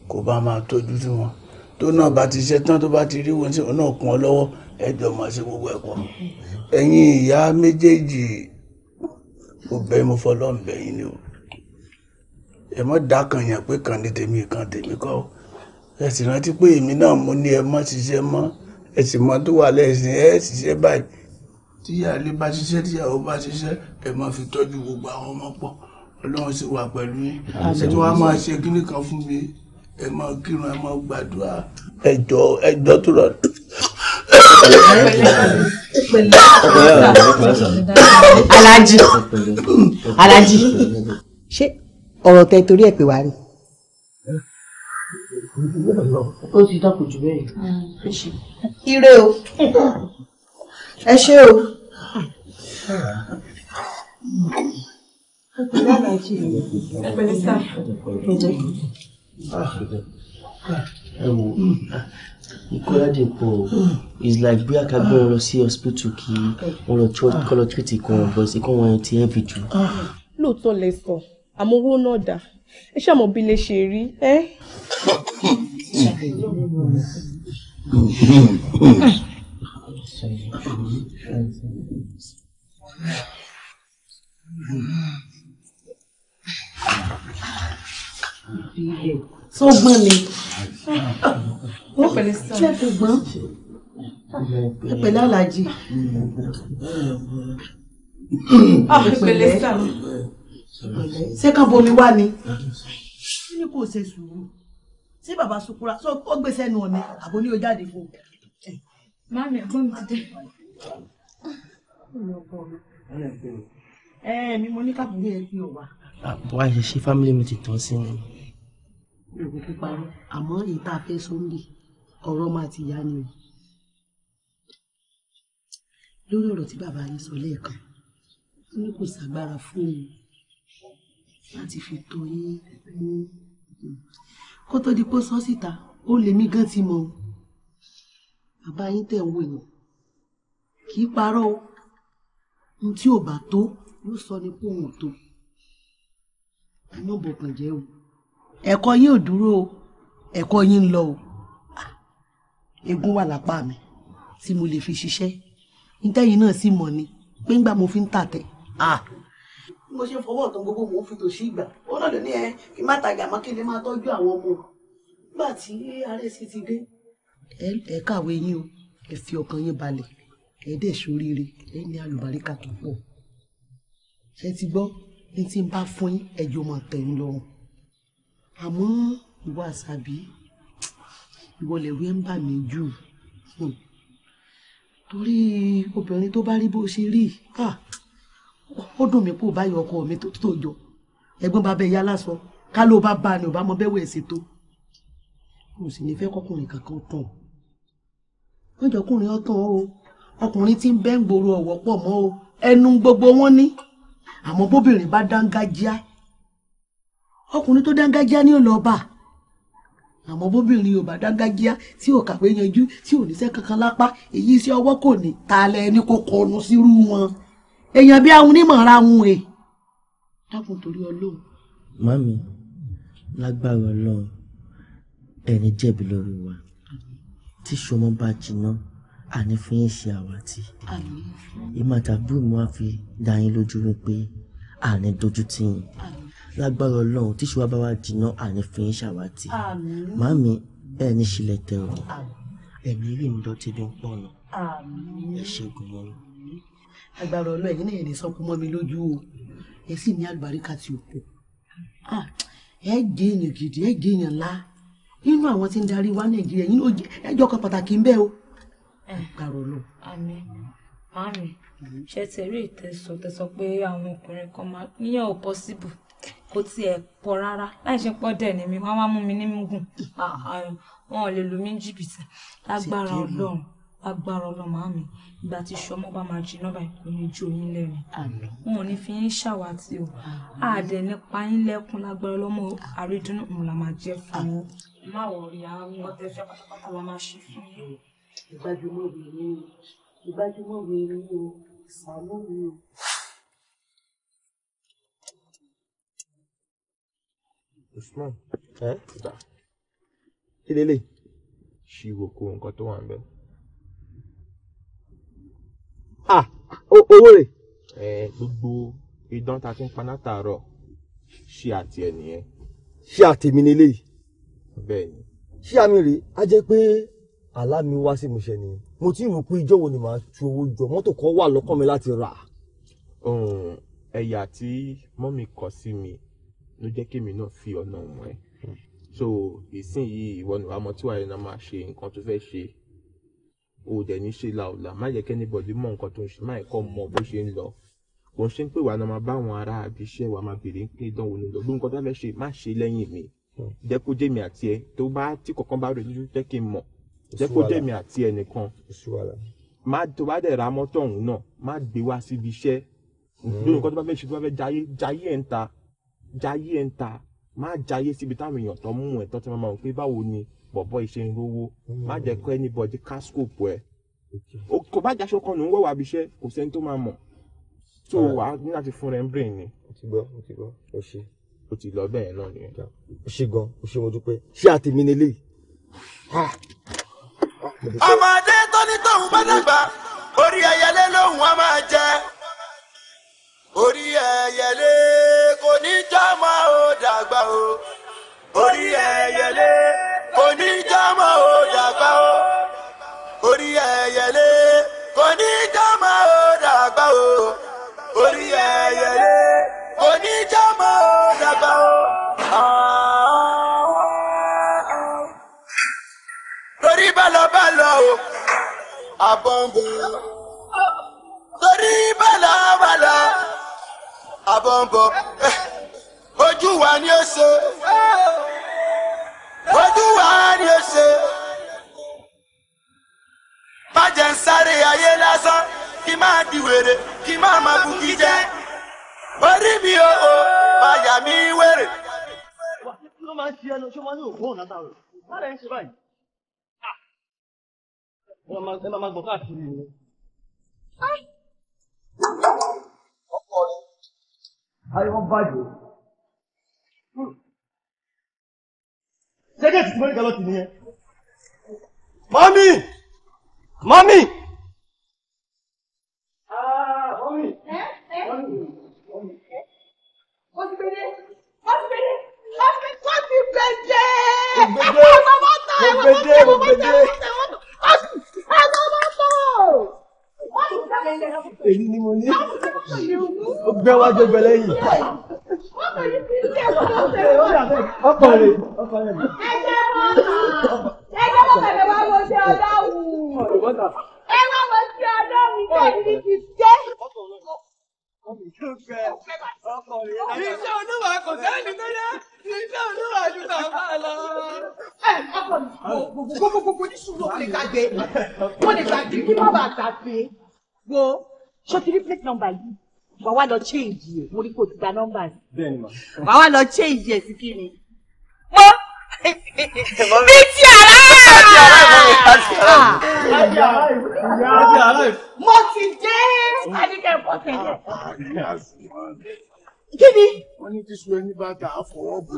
kò bá máa tọ́jú sí wọn tó náà bá ti ṣe tán tó bá ti rí wọn sí wọn náà kún ọ lọ́wọ́ ẹjọ́ máa ṣe gbogbo ẹ̀kọ́ ẹ̀yin ìyá méjèèjì mo bẹ̀ mo fọlọ́ ń bẹ̀ ni o ẹ mọ́ dá kan yàn pé kan ní tèmi kan tèmi kọ́ ẹ sì rántí pé èmi náà mo ní ẹ mọ́ ṣiṣẹ́ mọ́ ẹ sì mọ́ tó wà lẹ́sìn ẹ ṣiṣẹ́ báyìí tíyáálé bá ṣiṣẹ́ tíyàwó bá ṣiṣẹ́ ẹ máa fi tọ́jú gbogbo àwọn ọmọ pọ̀ ọlọ́run sì wà pẹ̀lú yín ẹ tí wọ́n á máa ṣe kíní kan fún mi ẹ máa kírun ẹ máa gbàdúrà. ẹjọ ẹjọ tó rà. alájí alájí ṣé ọ̀rọ̀ tẹ torí ẹ̀ pè wá rí. ó ti dákun bẹ́ẹ̀. ire o ẹ ṣé o. ẹ wo ìkórajì pọ̀ is like bí akagbé wọn lọ sí hospital kí wọn lọ kọ́ lọ treat ikọ̀ wọn bọ̀ sí kọ́ wọn ti heavy jù. lóòótọ́ lẹ sọ àmọ́ owó náà dà ẹ ṣàmọ̀ bí lè ṣe rí ẹ́. tó gbọ́n ni ó pẹ̀lẹ́ sí ṣé tó gbọ́n ẹ pẹ̀lẹ́ alájì pẹ̀lẹ́ ṣé kàn bo ni wá ni kí ni kò ṣe sùúrù ṣé bàbá sukura ó gbé sẹ́nu ọ̀nà àbò ní o jáde fún un. Mami, ẹ̀gbọ́n mi ti dé. Ẹ mi mo ní kábùdé ẹ e fi ọ̀wà. Àbọ̀ àṣẹṣe fámílì mi ti tán sí wọn. Ògùn pupa rọ, àmọ́ èyí tá a fẹ́ sóńdè, ọ̀rọ̀ máa ti yá ni o. Lórí ọ̀rọ̀ tí bàbá yín sọ lẹ́ẹ̀kan, ó ní kò sàgbára fún òun láti fi tó yín mú. Kó tó di pé sọ́síta, ó lè mí gan ti mọ̀ ọ́n bàbá yín tẹ̀ ń wò yẹn kì í parọ́ o ní tí ò bá tó yóò sọ ni pé òun ò tó ẹ má bọ̀kàn jẹ́ o ẹ̀kọ́ yín ò dúró o ẹ̀kọ́ yín ń lọ o ah, egun wà lápá mi tí mo lè fi ṣiṣẹ́ nítẹ̀yìn náà sì mọ̀ ni pé ńgbà mo fi ń tàtẹ̀ ah, mo ṣe fọwọ́ ọ̀tàn gbogbo mò ń fi tòṣì ìgbà ó náà ló ní ẹ kí má tajà mọ́ kí lè máa tọ́jú àwọn ọmọ nígbà tí ààrẹ sì ti dé ẹ kàwé yín o ẹ fi ọkàn yín balẹ̀ ẹ dẹ̀ ṣoríire ẹ ní àlùbáríkà tó pọ̀ ṣe ti gbọ́ ní tí n bá fún yín ẹjọ́ máa tẹ̀ ń lọ́rùn àmọ́ ìwọ àṣàbí ìwọ lẹ̀wé ń bà mí jù hmm. torí obìnrin tó bá rí bó ṣe rí ó dùn mí pò báyọ̀ ọkọ mi tó tó jọ ẹ̀gbọ́n bàbá ẹ̀yà lásán ká ló bá bá a ní ò bá mọ bẹ́wẹ̀ ṣètò mo sì ní fẹ́ kọkùnrin kankan tàn wọ́n jọ ọkùnrin ọ̀tàn o ọkùnrin tí ń bẹ́ ń gbòòrò ọ̀wọ́ pọ̀ mọ́ o ẹnu gbogbo wọn ní àmọ́ bóbìnrin bá dángájá ọkùnrin tó dángájá ni ó lọ bá àmọ́ bóbìnrin ò bá dángájá tí ò kàwé yanjú tí ò níṣẹ́ kankan lápá èyí sí ọwọ́ kò ní ta lẹ ní kó kọnu sírú wọn èèyàn bí ahun nímọ̀ra hun ẹ̀ e. dákun torí ọlọ́run. mami lágbára ọlọ́run ẹni jẹ̀bi lórí wa tí ṣọmọ bá jiná àní fi ń ṣe àwátì ìmọ̀ tàbí ìmọ̀ á fi dá yín lójú wípé àní dojú tì yín lágbára ọlọ́run tí ṣọwọ́ bá wá jiná àní fi ń ṣàwátì màmí ẹ ní ṣílẹ̀ tẹ o ẹ̀mí rí mi lọ́ọ́ tẹ́bí ń pọ̀nà ẹ ṣègùn mọ́ mi. agbára ọlọ́run ẹ̀yin náà ẹ̀dẹ̀ sọ́kú mọ́ mi lójú o ẹ sì ní àlùbáríkà tí o kù ah, ẹ gé èèyàn gidi ẹ gé èèyàn lá inú àwọn tí ń darí wá nàìjíríà yín ẹjọ́ kan pàtàkì ń bẹ o. kàrò eh, lọ. àmín màmí ṣe ti rí ìtẹ̀sọ tẹ̀sọ pé àwọn ọkùnrin kan máa níyàn ò pọ́síbù kò tiẹ̀ pọ̀ rárá láì ṣe pọ́ dẹ̀ ni mi wọ́n máa mú mi ní mùgùn ah, ah, wọn ò lè lù mí jìbìtì lágbára ọlọ́run agbára ọlọ́mọ mi ìgbà tí sọmọ bá máa jiná báyìí kò ní ju yín lẹ́nu wọn ò ní fi yín ṣàwátì o àdẹ nípa yín lẹ́kún lágbára ọlọ́mọ àrídùnnú òun la máa jẹ́ fún yín. má wọrí àwọn ọtẹ fẹ́ pátápátá la máa ṣe fún yín. ìgbájúmọ̀ mi ni o ìgbájúmọ̀ mi ni o sàánú mi o. usman ẹ kí lélẹ̀ ṣírò kó nǹkan tó wà ń bẹ́ẹ̀ ah owó rẹ̀. ẹ gbogbo idán ta ti ń paná tààrọ ṣé àti ẹ nìyẹn. ṣé àtèmi ni eléyìí. bẹ́ẹ̀ni. ṣé àmì rèé á jẹ́ pé àlá mi wá sí ìmúṣẹ nìyẹn mo ti rò pé ìjọ́ wo ni màá tu owó jọ mọ́tò kan wà lọ́kàn mi láti rà. ẹ̀yà tí mọ́mì kọ sí mi ló jẹ́ kémi náà fi ọ̀nà mọ́ ẹ hmm. so ìsinyìí ìwọ ni wàá mọ tí wàá yẹn náà máa ṣe nǹkan tó fẹ́ ṣe o dẹ̀ ní ṣe làòlà má yẹ kẹ́ni bọ̀dí mọ̀ nǹkan tó ń ṣe má ẹ̀kọ́ mọ̀ bó ṣe ń lọ kò ń ṣe ń pè wá náà máa bá àwọn ará àbí iṣẹ́ wa máa bèrè pé ìdánwò ni lọ bí nǹkan tó fẹ́ ṣe má ṣe lẹ́yìn mi hmm. jẹ́ kó jẹ́ mi àti ẹ tó bá tí kọ̀ọ̀kan bá rẹ̀ lójú jẹ́ kí n mọ̀ jẹ́ kó jẹ́ mi àti ẹ nìkan má tó bá dẹ̀ ra mọ́tò ọ̀hún náà má gbé wá síbi iṣẹ́ lórí hmm. nǹkan tó bá fẹ́ ṣe tó fẹ́ bọ̀bọ̀ iṣẹ́ ń rówó mm. má jẹ́ kó anybody ká scope ẹ̀ kò bá jáṣọ kan ló ń wọ̀wá abiṣẹ́ kò sẹ́ni tó máa mọ̀ tó wà ní láti fún rẹ̀ ń brain ni. o ti gbọ́ o ti gbọ́ o ṣe. o ti lọ bẹ́ẹ̀ náà nìyẹn. o ṣe gan o ṣe mo dúpẹ́ ṣé àti mi ni ọmọdé tó ní tóun bá dàgbà orí ẹyẹlé lòun á máa jẹ orí ẹyẹlé kò ní já máa dàgbà o orí ẹyẹlé kò ní jámọ́ ó dàgbà ó orí ẹ̀yẹlé kò ní jámọ́ ó dàgbà ó orí ẹ̀yẹlé kò ní jámọ́ ó dàgbà ó. torí bálọ̀bálọ̀ o àbọ̀nbọ̀ torí bálọ̀bálọ̀ àbọ̀nbọ̀ ojú wa ni ó ṣe ojú wa ni ó ṣe bàjẹ́ ń sáré ayé lásán kí máa di wèrè kí máa máa bù kí jẹ́ orí mi ò ò bàyà mi wèrè. kí ló máa ń ṣe ẹnu ṣé wọn ní òkú ọ̀nà táwọn ò lè ń ṣe báyìí. ẹ máa gbọ́ káàkiri ni. ayọ̀ bàjẹ́. ṣẹ́gẹ̀ẹ́sì tí mọ́nìkà lọ́tì nìyẹn mọ́mí mọ́mí. Èyí ni mo ní. Ó gbẹ́wájú gbẹ́lẹ́yìn ọkọ rẹ ọkọ rẹ mi. ẹgbẹ́ mọ́tà ẹgbẹ́ mọ́tà ni wọ́n mọ sí ọ̀dọ́ wù. ẹ number yìí? wà wá lọ change ẹ̀ mo rí kò ti gba nọ́mbà yìí. bẹ́ẹ̀ni ma. wà wá lọ change ẹ̀ sí kíni. mo bí ti ara. mo ti dé adìgẹ́ bọ́ tẹ̀lé kí ni. wọ́n ní kí sùn ẹni bá ta àfọwọ́ bò.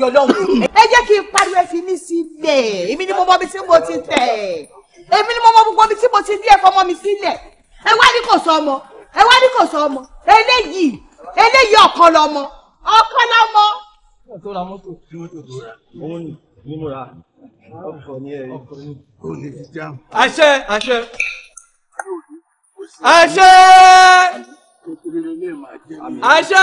yọlọ́wọ́ ẹ jẹ́ kí n pariwo ẹ̀fín mi sílẹ̀ èmi ni mo mọ ibi tí mo ti tẹ̀ èmi ni mo mọ gbogbo ibi tí mo ti dí ẹ̀fọ́ mọ́ mi sílẹ̀ ẹ wá ní kò sọ ọmọ ẹ wá ní kò sọ ọmọ eléyìí eléyìí ọ̀kan lọmọ ọ̀kan lọmọ. tó ra mọ́tò tí mọ́tò tó ra òun ni mo ra ọkọ̀ ní ẹ̀ ó lè jà. àṣẹ àṣẹ àṣẹ àṣẹ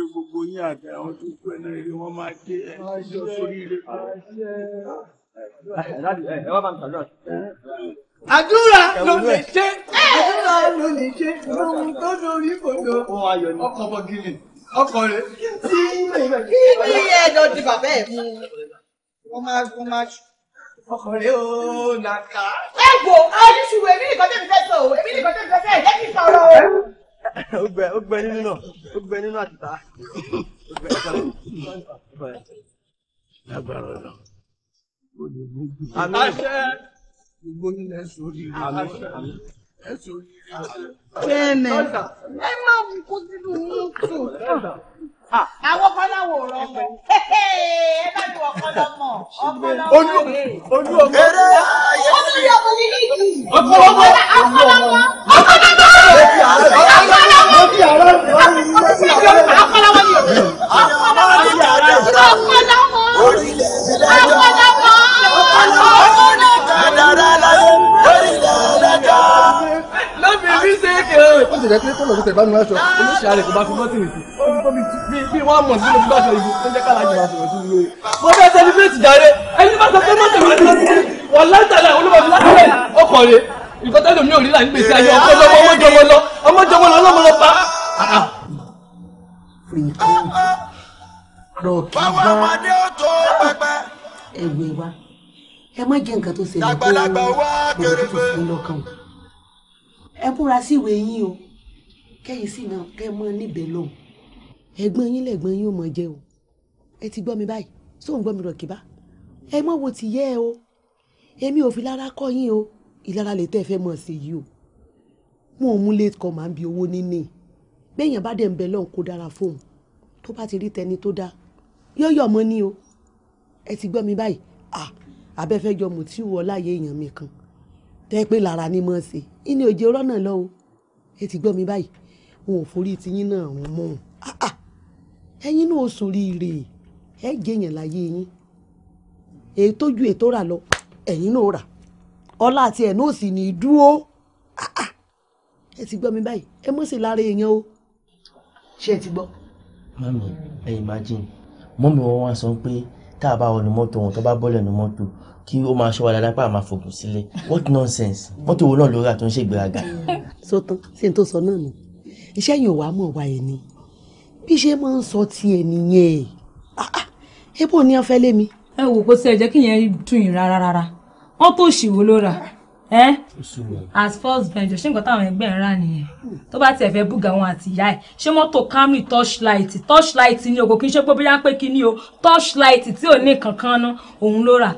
o gbogbo yín àti àwọn tó pẹ́ náà eré wọn máa dé ẹjọ́ sórí rẹ̀. ẹ wá bá mi sàdúrà àdúrà ló lè ṣe àdúrà ló lè ṣe lóhun tó lórí kòtò ọkọ̀ bọ̀gìnì ọkọ̀ rẹ̀ tí kí ni ẹ̀dọ̀ ti bàbá ẹ̀ mú wọ́n máa wọ́n máa ọkọ̀ rẹ̀ ó nàka. ẹ wo oníṣùwò èmi nìkan tẹ̀mí fẹ́ sọ o èmi nìkan tẹ̀mí fẹ́ sọ ẹ̀ jẹ́ kí n sọ̀rọ̀ o. ó gbẹ ó gbẹ nínú náà ó gbẹ nínú àtìtà ó gbẹ ìsàlẹ̀. àgbàrá ọ̀nà. àṣẹ gbogbo ẹ má kó sínú mọ́tò. àwọn kọ́láwò rọ mọ ẹ bá ju ọpọlọ mọ ọpọlọ mọ rẹ. olú ọmọ eré ayé ọmọ yóò mú ní níyì. ọpọlọ mọ ọpọlọ mọ ọpọlọ mọ ọpọlọ mọ ọpọlọ mọ ọpọlọ mọ ọpọlọ mọ dára láyé lórí ìdájọ́. lọ́bì mi ṣe é kéré. ó sì jẹ́ pé kọ́lọ̀ tó tẹ̀ bá nu aṣọ oníṣẹ́ rẹ̀ kò bá fi bọ́tìnì sí ó ti tó bí wọ́n mọ̀ sí ló fi bá aṣọ ibi tó ń jẹ́ ká lájọ aṣọ ìtú lórí. mo fẹ́ sẹ́lifírétì jàre ẹni bá sọ pé mọ́tò mi ló ti wọ̀ látàlá olúwa mi látàlá ọkọ̀ rẹ̀ nǹkan tẹ́lẹ̀ mi ò rí là ń gbèsè ayé ọkọ̀ lọ́wọ́ ọmọ jọmọ lọ ọmọ jọmọ lọ ọlọ́mọ lọ pa. rọ̀kì bá ẹ̀wẹ̀ wa ẹ má jẹ́ nǹkan tó ṣe lè kó ọ̀rọ̀ tó fún lọ́kàn o ẹ búra sí ìwé yín o kẹ́yìn sí náà kẹ́ mọ́ níbẹ̀ lọ́hùn ẹ̀gbọ́n yín lẹ̀gbọ́n yín ò mọ̀ jẹ́ o ẹ ti gbọ́ mi báyìí sóun gbọ́ mi rọ̀ kíbá ẹ mọ̀ wo ti yẹ ẹ o èmi ò fi lára kọ́ yín o ìlara lè tẹ́ ẹ fẹ́ mọ̀ sí yìí o mo ò mú late call máa ń bi owó níní béèyàn bá dẹ̀ ń bẹ lọ́hùn kó dára fóun tó bá ti rí tẹni tó dáa yóò yọ̀ mọ́ ni o ẹ ti gbọ́ mi báyìí ah abẹ́fẹ́ jọ tí wọ́n láàyè èèyàn mi kan tẹ́ pé lára ni mo ṣe ìní òjò rọ́nà lọ o ẹ ti gbọ́ mi báyìí wọn ò forí tiyín náà rún mọ́ ọ́n ẹ̀yin náà ó ṣoríire ẹ jẹ́yàn láyé yín èyí tójú ètò rà lọ ẹ̀yin náà rà ọlá àti ẹ̀ náà sì ní í dúró ẹ ti gbọ́ mi báyìí ẹ mọ̀ sí lára èèyàn o ṣé ẹ ti gbọ́. mami ẹ imagine mọ́mi wọn wá sọ pé tá a bá wọnú mọ́tò wọn tó bá bọ́lẹ̀ nu mọ́tò kí o máa ṣọ́ wa dáadáa pé a máa fògùn sílẹ̀ what nonsense mọ́tò wo náà ló rà tó ń ṣe ìgbéraga. sọtán ṣé n tó sọ náà nù iṣẹ́ yìí ò wá mọ̀ wá ẹ̀ ni bí ṣe máa ń sọ ti ènìyàn ẹ̀ ebo ni a fẹ́ lé mi. ẹ wò kó sí ẹ jẹ́ kí yẹn dùn yín rárá rárá wọ́n tó ṣì wò ló as first venture ṣé nǹkan táwọn ẹgbẹ́ ẹ̀ rà nìyẹn tó bá tiẹ̀ fẹ́ búga wọn àti ìyá ẹ̀ ṣé mọ́tò Camry torchlight torchlight ni òkò kí n ṣe pé bóyá pé kí ni o torchlight tí ò ní kankan ná òun ló rà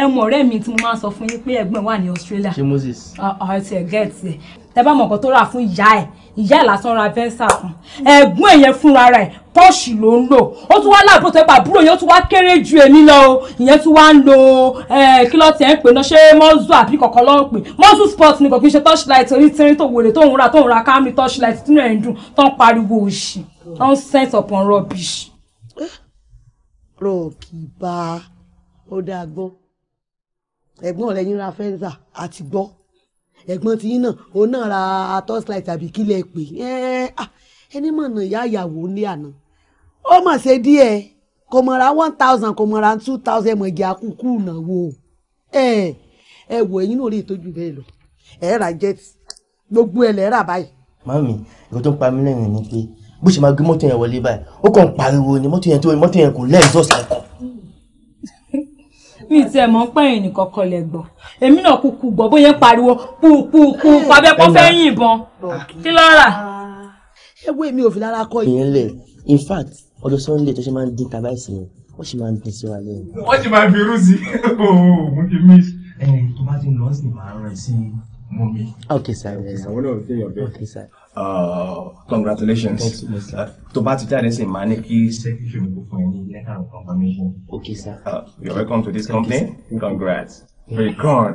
ẹ mọ̀ ọ̀rẹ́ mi tí mo máa ń sọ fún yín pé ẹ̀gbọ́n wà ní Australia ṣé Moses ọ̀ ọ̀ ti ẹ̀ gẹ̀ẹ́tì ẹ̀ tẹ bá mọ nǹkan tó rà fún ìyá ẹ̀ ìyá ẹ̀ lásán ra vẹ́nsà fún ẹ̀gbọ́n ẹ̀yẹn fúnra rẹ̀ pọ́ọ̀ṣì ló ń lò ó tún wá láàbò tẹ́pà àbúrò yẹn ó tún wá kéré ju èmi lọ o ìyẹn tún wá ń lo kílọ̀tì ẹ̀ ń pè náà ṣé mọ́zù àbí kọ̀ọ̀kan ló ń pè mọ́zù sport ni kò kí ń ṣe torchlight orí tírín tó wòlé tó ń ra tó ń ra camry torchlight tínú ẹ̀ ń dùn tó ń pariwo òṣì nonsense upon rubbish. rọ́ọ̀kì bá ó dáa gbọ́ ẹ̀gbọ́n rẹ̀ yín ra fẹ́ńsà àti gbọ́ ẹ̀gbọ́n tí yín náà òun náà ra atọ́sílẹ̀ tàbí kílẹ̀ pé ẹni mọ̀ náà ìyá ìyàwó ní àná ó mọ̀ ṣe díẹ̀ kò mọ̀ ra one thousand kò mọ̀ ra two thousand mọ̀ ìgbà kúkú ìnáwó ẹ ẹ wò ẹ̀yin náà rí ìtọ́jú bẹ́ẹ̀ lọ ẹ ra jet gbogbo ẹ lẹ rà báyìí. mami ìwé tó ń pa mí lẹ́yìn ni pé bó ṣe máa gbé mọ́tò yẹn wọlé báyìí ó kàn ń pariwo ni mọ́tò yẹn tó mọ́tò yẹn kò lẹ́ẹ̀ mi tẹ mọ pẹ́yìn nìkan kọlẹ̀ gbọ́ èmi náà kúkú gbọ́ bóyá pariwo púpúpú pàbẹ́ kó fẹ́ yìnbọn kí ló rà. ẹ wo ò fi lára kọ ìyẹn lẹ in fact ọdún sunday tó ṣe máa ń dín tàbá ìsìn yẹn ó sì máa ń dín sí wa lẹ́yìn. wọ́n sì máa fi irú sí òun oh, ti mí. ẹ̀yìn tó bá ti sí màá rẹ̀ ok sir ok sir. Uh, congratulations uh, tó bá ti jáde sí máa ní kí secretary mi kò fún ẹ ní letter of confirmation. okay sir. Uh, you welcome to this company congrats. Yeah. very good.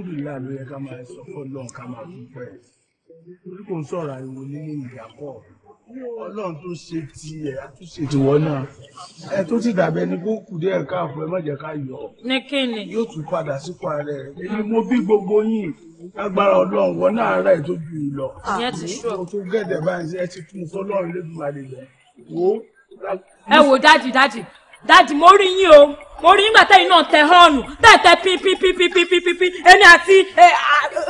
alhamdulilayi ló yẹ ká máa sọ fọlọ́n ká máa dúpẹ́ orí kò ń sọ̀rọ̀ ariwo nílé ìyàpọ̀ ọlọ́run tó ṣe ti ẹ̀ àtúnṣe tiwọ́ náà ẹ tó ti dàbẹ́ ni kó kù díẹ̀ káàfó ẹ má jẹ́ ká yọ ọ́ ní kíni yóò tún padà sípò ààrẹ rẹ̀ mo bí gbogbo yín agbára ọlọ́run wọn náà ara ẹ̀ tó ju ìlọ ah, mo tún gẹ̀dẹ̀ báyìí ẹ ti tún fọlọ́run lébùmọ̀ àlejò wo. ẹ wo dájì dájì dáàdì mo rí yín o mo rí nígbà tẹ́yìn náà tẹ họ́ọ̀nù tẹ́tẹ́ pínpínpínpínpínpínpín ẹni àti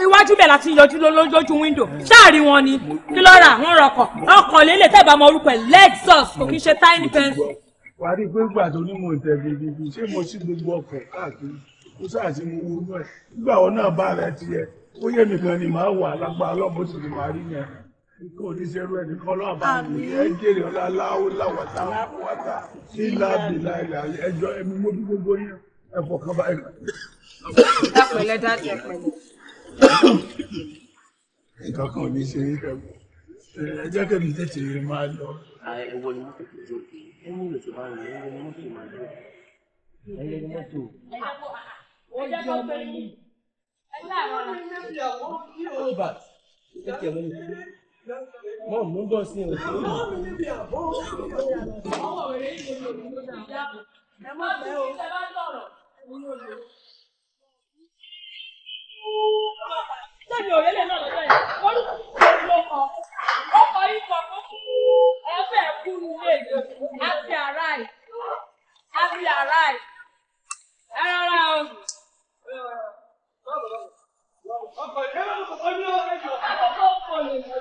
iwájú bẹ̀ láti yọjú lójú wíńdò ṣáàrí wọn ni kí ló rà wọn rọkọ̀ ọkọ̀ lélẹ̀ tẹ́ẹ̀bà mọ orúkọ ẹ̀ lexus kò kí ń ṣe tiny pencil. wàá rí i pé gbà tó ní mò ń tẹ gbogbo ṣé mo sí gbogbo ọkọ̀ káàkiri kó sáà sí mo wo inú ẹ̀ nígbà wọn náà bá rẹ ti yẹ ó yẹ nìkan ni màá wà lágbára ọlọ́mọ kò ní ṣerú ẹni kọ́ lọ́wọ́ bá mi ẹ jèrè ọ̀la aláwọ̀ làwọ̀ta wàtà sí láàbì láìlà ẹjọ́ ẹni mo bí gbogbo yẹn ẹ fọkàn báyìí. ẹ pẹ̀lẹ́ dájú ẹ pẹ̀lẹ́. nǹkan kan ò ní ṣe é kẹ́kọ̀ọ́ ẹ jẹ́ kí èmi tètè máa lọ. ẹwọ ni mọ́tò tó jó ẹ mú ìrètí máa rìn ẹyẹ ni mọ́tò máa jó ẹyẹ ni mọ́tò. ẹ jẹ́ kó pẹ́ yín ẹ láàárọ̀ ọ̀la. ẹ jẹ́ kó pẹ́ yín ẹ mọ mú bọ sí ọ. ẹ má bẹ o. sẹ́ni òye lè náà lọ́jọ́ yìí wọ́n lù ú ló kọ́ ó kọ́ yìí kọ́ fún ẹ fẹ́ kú nílé ìjọ àti àrà ẹ̀ àti àrà ẹ̀ ẹ rárá o. Ọkọ̀ ìjọba kò kọjú ọ̀rẹ́ jù. Àkọ́kọ́ kò lè mọ̀.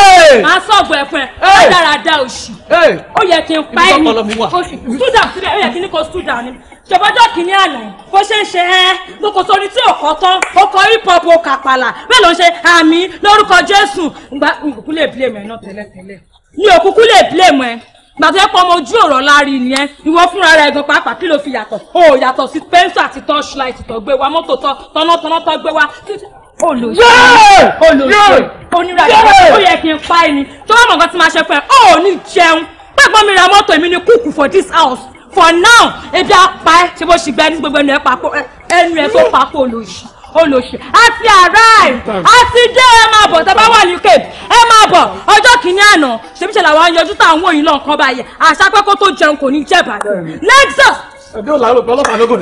máa sọ̀bù ẹ̀pẹ̀ ọ̀dàràdà òṣì ó yẹ kí n pa ẹ̀ ní oṣù stúdà sílẹ̀ ó yẹ kí n kó stúdà ni ṣọ̀bọ́jọ́ kìíní àná bó ṣe ń ṣe ẹ́ lóko sórí tí ò kọ́ tán ó kọ hip hop ó kàpàlà bẹ́ẹ̀ ló ń ṣe àmì lórúkọ Jésù gba nkùkú lè blame ẹ̀ náà tẹ́lẹ̀tẹ́lẹ̀ ní òkùnkùn lè blame ẹ̀ gbàtẹ́ pọ̀ ọmọ ojú ọ̀rọ̀ lárí nìyẹn ìwọ fúnra rẹ̀ gan pàápàá kí ló fi yàtọ̀ ó yàtọ̀ sí spencer àti torchlight tó gbé wa mọ́tò tọ́nà tọ́nà tó gbé wa olùsọ olùsọ onírànlọ́wọ́ ó yẹ kí n pa ẹ ni tó wọ́n mọ̀ nǹkan tí máa ṣe fún ẹ ó ní jẹun pẹ́gbọ́n mi ra mọ́tò èmi ni cook for this house for now ebi apá ẹ ṣe bó ṣì gbẹ ní gbogbo ẹnu ẹ papọ̀ ẹnu ẹ tó papọ̀ olùsọ olùsọ àti arrive àti dé ẹ máa bọ̀ tẹ́ bá wà ní cape ẹ máa bọ̀ ọjọ́ kìíní àná ṣèbíṣẹ́ làwọn yọjú táwọn òyìn náà kọ́ báyẹn àṣà pé kó tó jẹun kò ní jẹ́ bàdàn lexus ẹbí ò lárò pé ọlọ́pàá lóko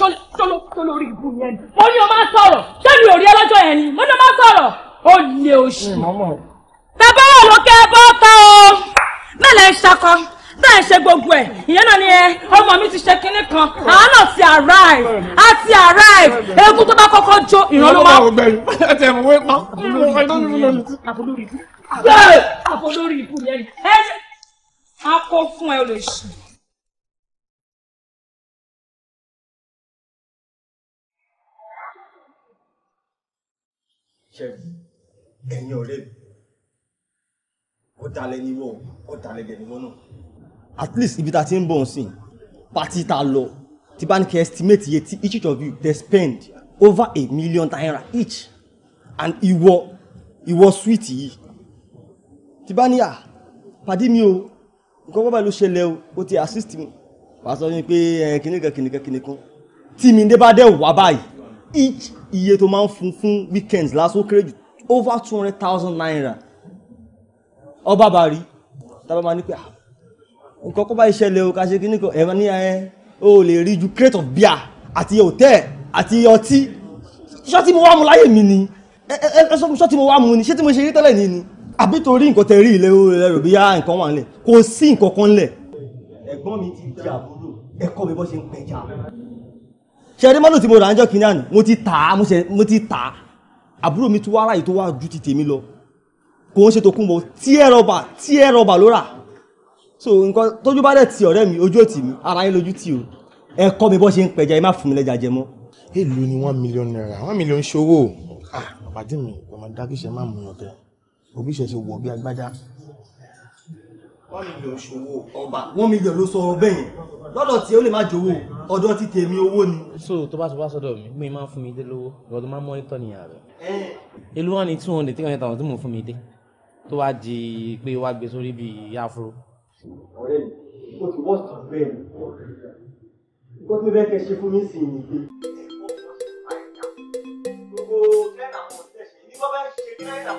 sọlọ sọlọ orí ibú yẹn ni. mo ní o máa sọ̀rọ̀ sẹ́ni ò rí yẹn ni mo ní o máa sọ̀rọ̀ ó lé oṣù. bàbá wà lókè bọ́tà o bẹ́ẹ̀ lẹ́ ṣakọ bẹ́ẹ̀ ṣe gbogbo ẹ̀ ìyẹn náà ni ẹ ọmọ mi ti ṣe kinní kan àwọn náà ti arrive a ti arrive eégún tó bá kọ́kọ́ jó ìrànlọ́wọ́. ẹ tẹ̀ mọ̀ wípé àpò lórí yẹn ni ẹ akọ fún ẹ olóṣù. ṣẹ́ẹ̀bù ẹ̀yin ọ̀rẹ́ mi ọ̀dàlẹ̀ ni wọ́n ọ̀dàlẹ̀ dẹ̀ ni náà. at least ibi tá a ti ń bọ̀ ń sìn pàtí tá a lọ tí bá ní kẹ́ estimate iye tí each of you dey spend over a million naira each and ìwọ ìwọ sweet yìí tí bá ní à ah, pàdé mi o nǹkan bábà ló ṣẹlẹ̀ o ó ti assist mi wàá sọ fún mi pé kìnìkan kìnìkan kìnìkan tí mi dé bá dẹ̀ wá báyìí each iye tó máa ń fún fún weekends lásán kéré jù over two hundred thousand naira ọba bàrí tábà máa ní pé ah, nǹkan kó bá ìṣẹ̀lẹ̀ o ká ṣe kíní kan ẹ̀rọ ní ẹ o lè rí ju crate of beer àti hòtẹ́ẹ̀ àti ọtí ṣọ́ọ̀tì mo wá mu láyé mi ni ẹ ẹ ṣọ́ọ̀tì mo wá mu ni ṣé tí mo ṣe rí tẹ́lẹ̀ ni ni àbí torí nǹkan tẹ rí ilé rẹ rò bí yá ah, nǹkan wà nílẹ̀ kò sí nǹkan kan nílẹ̀. ẹ̀gbọ́n mi ti jà àbúrò ẹ̀kọ́ mi bọ́ ṣe ń pẹja ṣe rí mọ́tò tí mo rà ń jọ́ kìíní àná mo ti tà á mo ti tà á àbúrò mi tó wá ráyè tó wá ju ti tèmi lọ kò ń ṣe tó kún bọ tí ẹ rọba tí ẹ rọba ló rà so nǹkan tójú bá dẹ̀ ti ọ̀rẹ́ mi ojú òtì mi ara yín lójú tì o ẹ kọ́ mi bọ́ ṣe ń pẹja ẹ má fún mi lẹ́jà jẹ mọ́. èlò ni one million naira one million ṣòwò ah bàbá tí mi ọmọ dákìṣẹ́ máa mú yàn kẹ́ òbí ṣẹ̀ṣẹ̀ wọ̀ bí agbájá one million ṣòwò ọba one million lọ́dọ̀ tí ó lè má jowó ọ̀dọ̀ ti tèmi owó ni. so tó bá tó bá sọ́dọ̀ mi mi máa ń fún mi dé lówó ìwọ́n tó máa ń mọ́nítọ́ nìyà rẹ̀. ìlú wa ni two hundred three hundred thousand tí mò ń fún mi dé tó wá di pé wá gbé sórí bíi afro. ọ̀rẹ́ mi o ti wọ́ọ̀sì bẹ́ẹ̀ ni nǹkan tí mo fẹ́ kẹ́ ṣe fún mi sì ni gbogbo kẹ́ńtà kan tẹ̀sí ní bọ́ ṣe kẹ́ńtà kan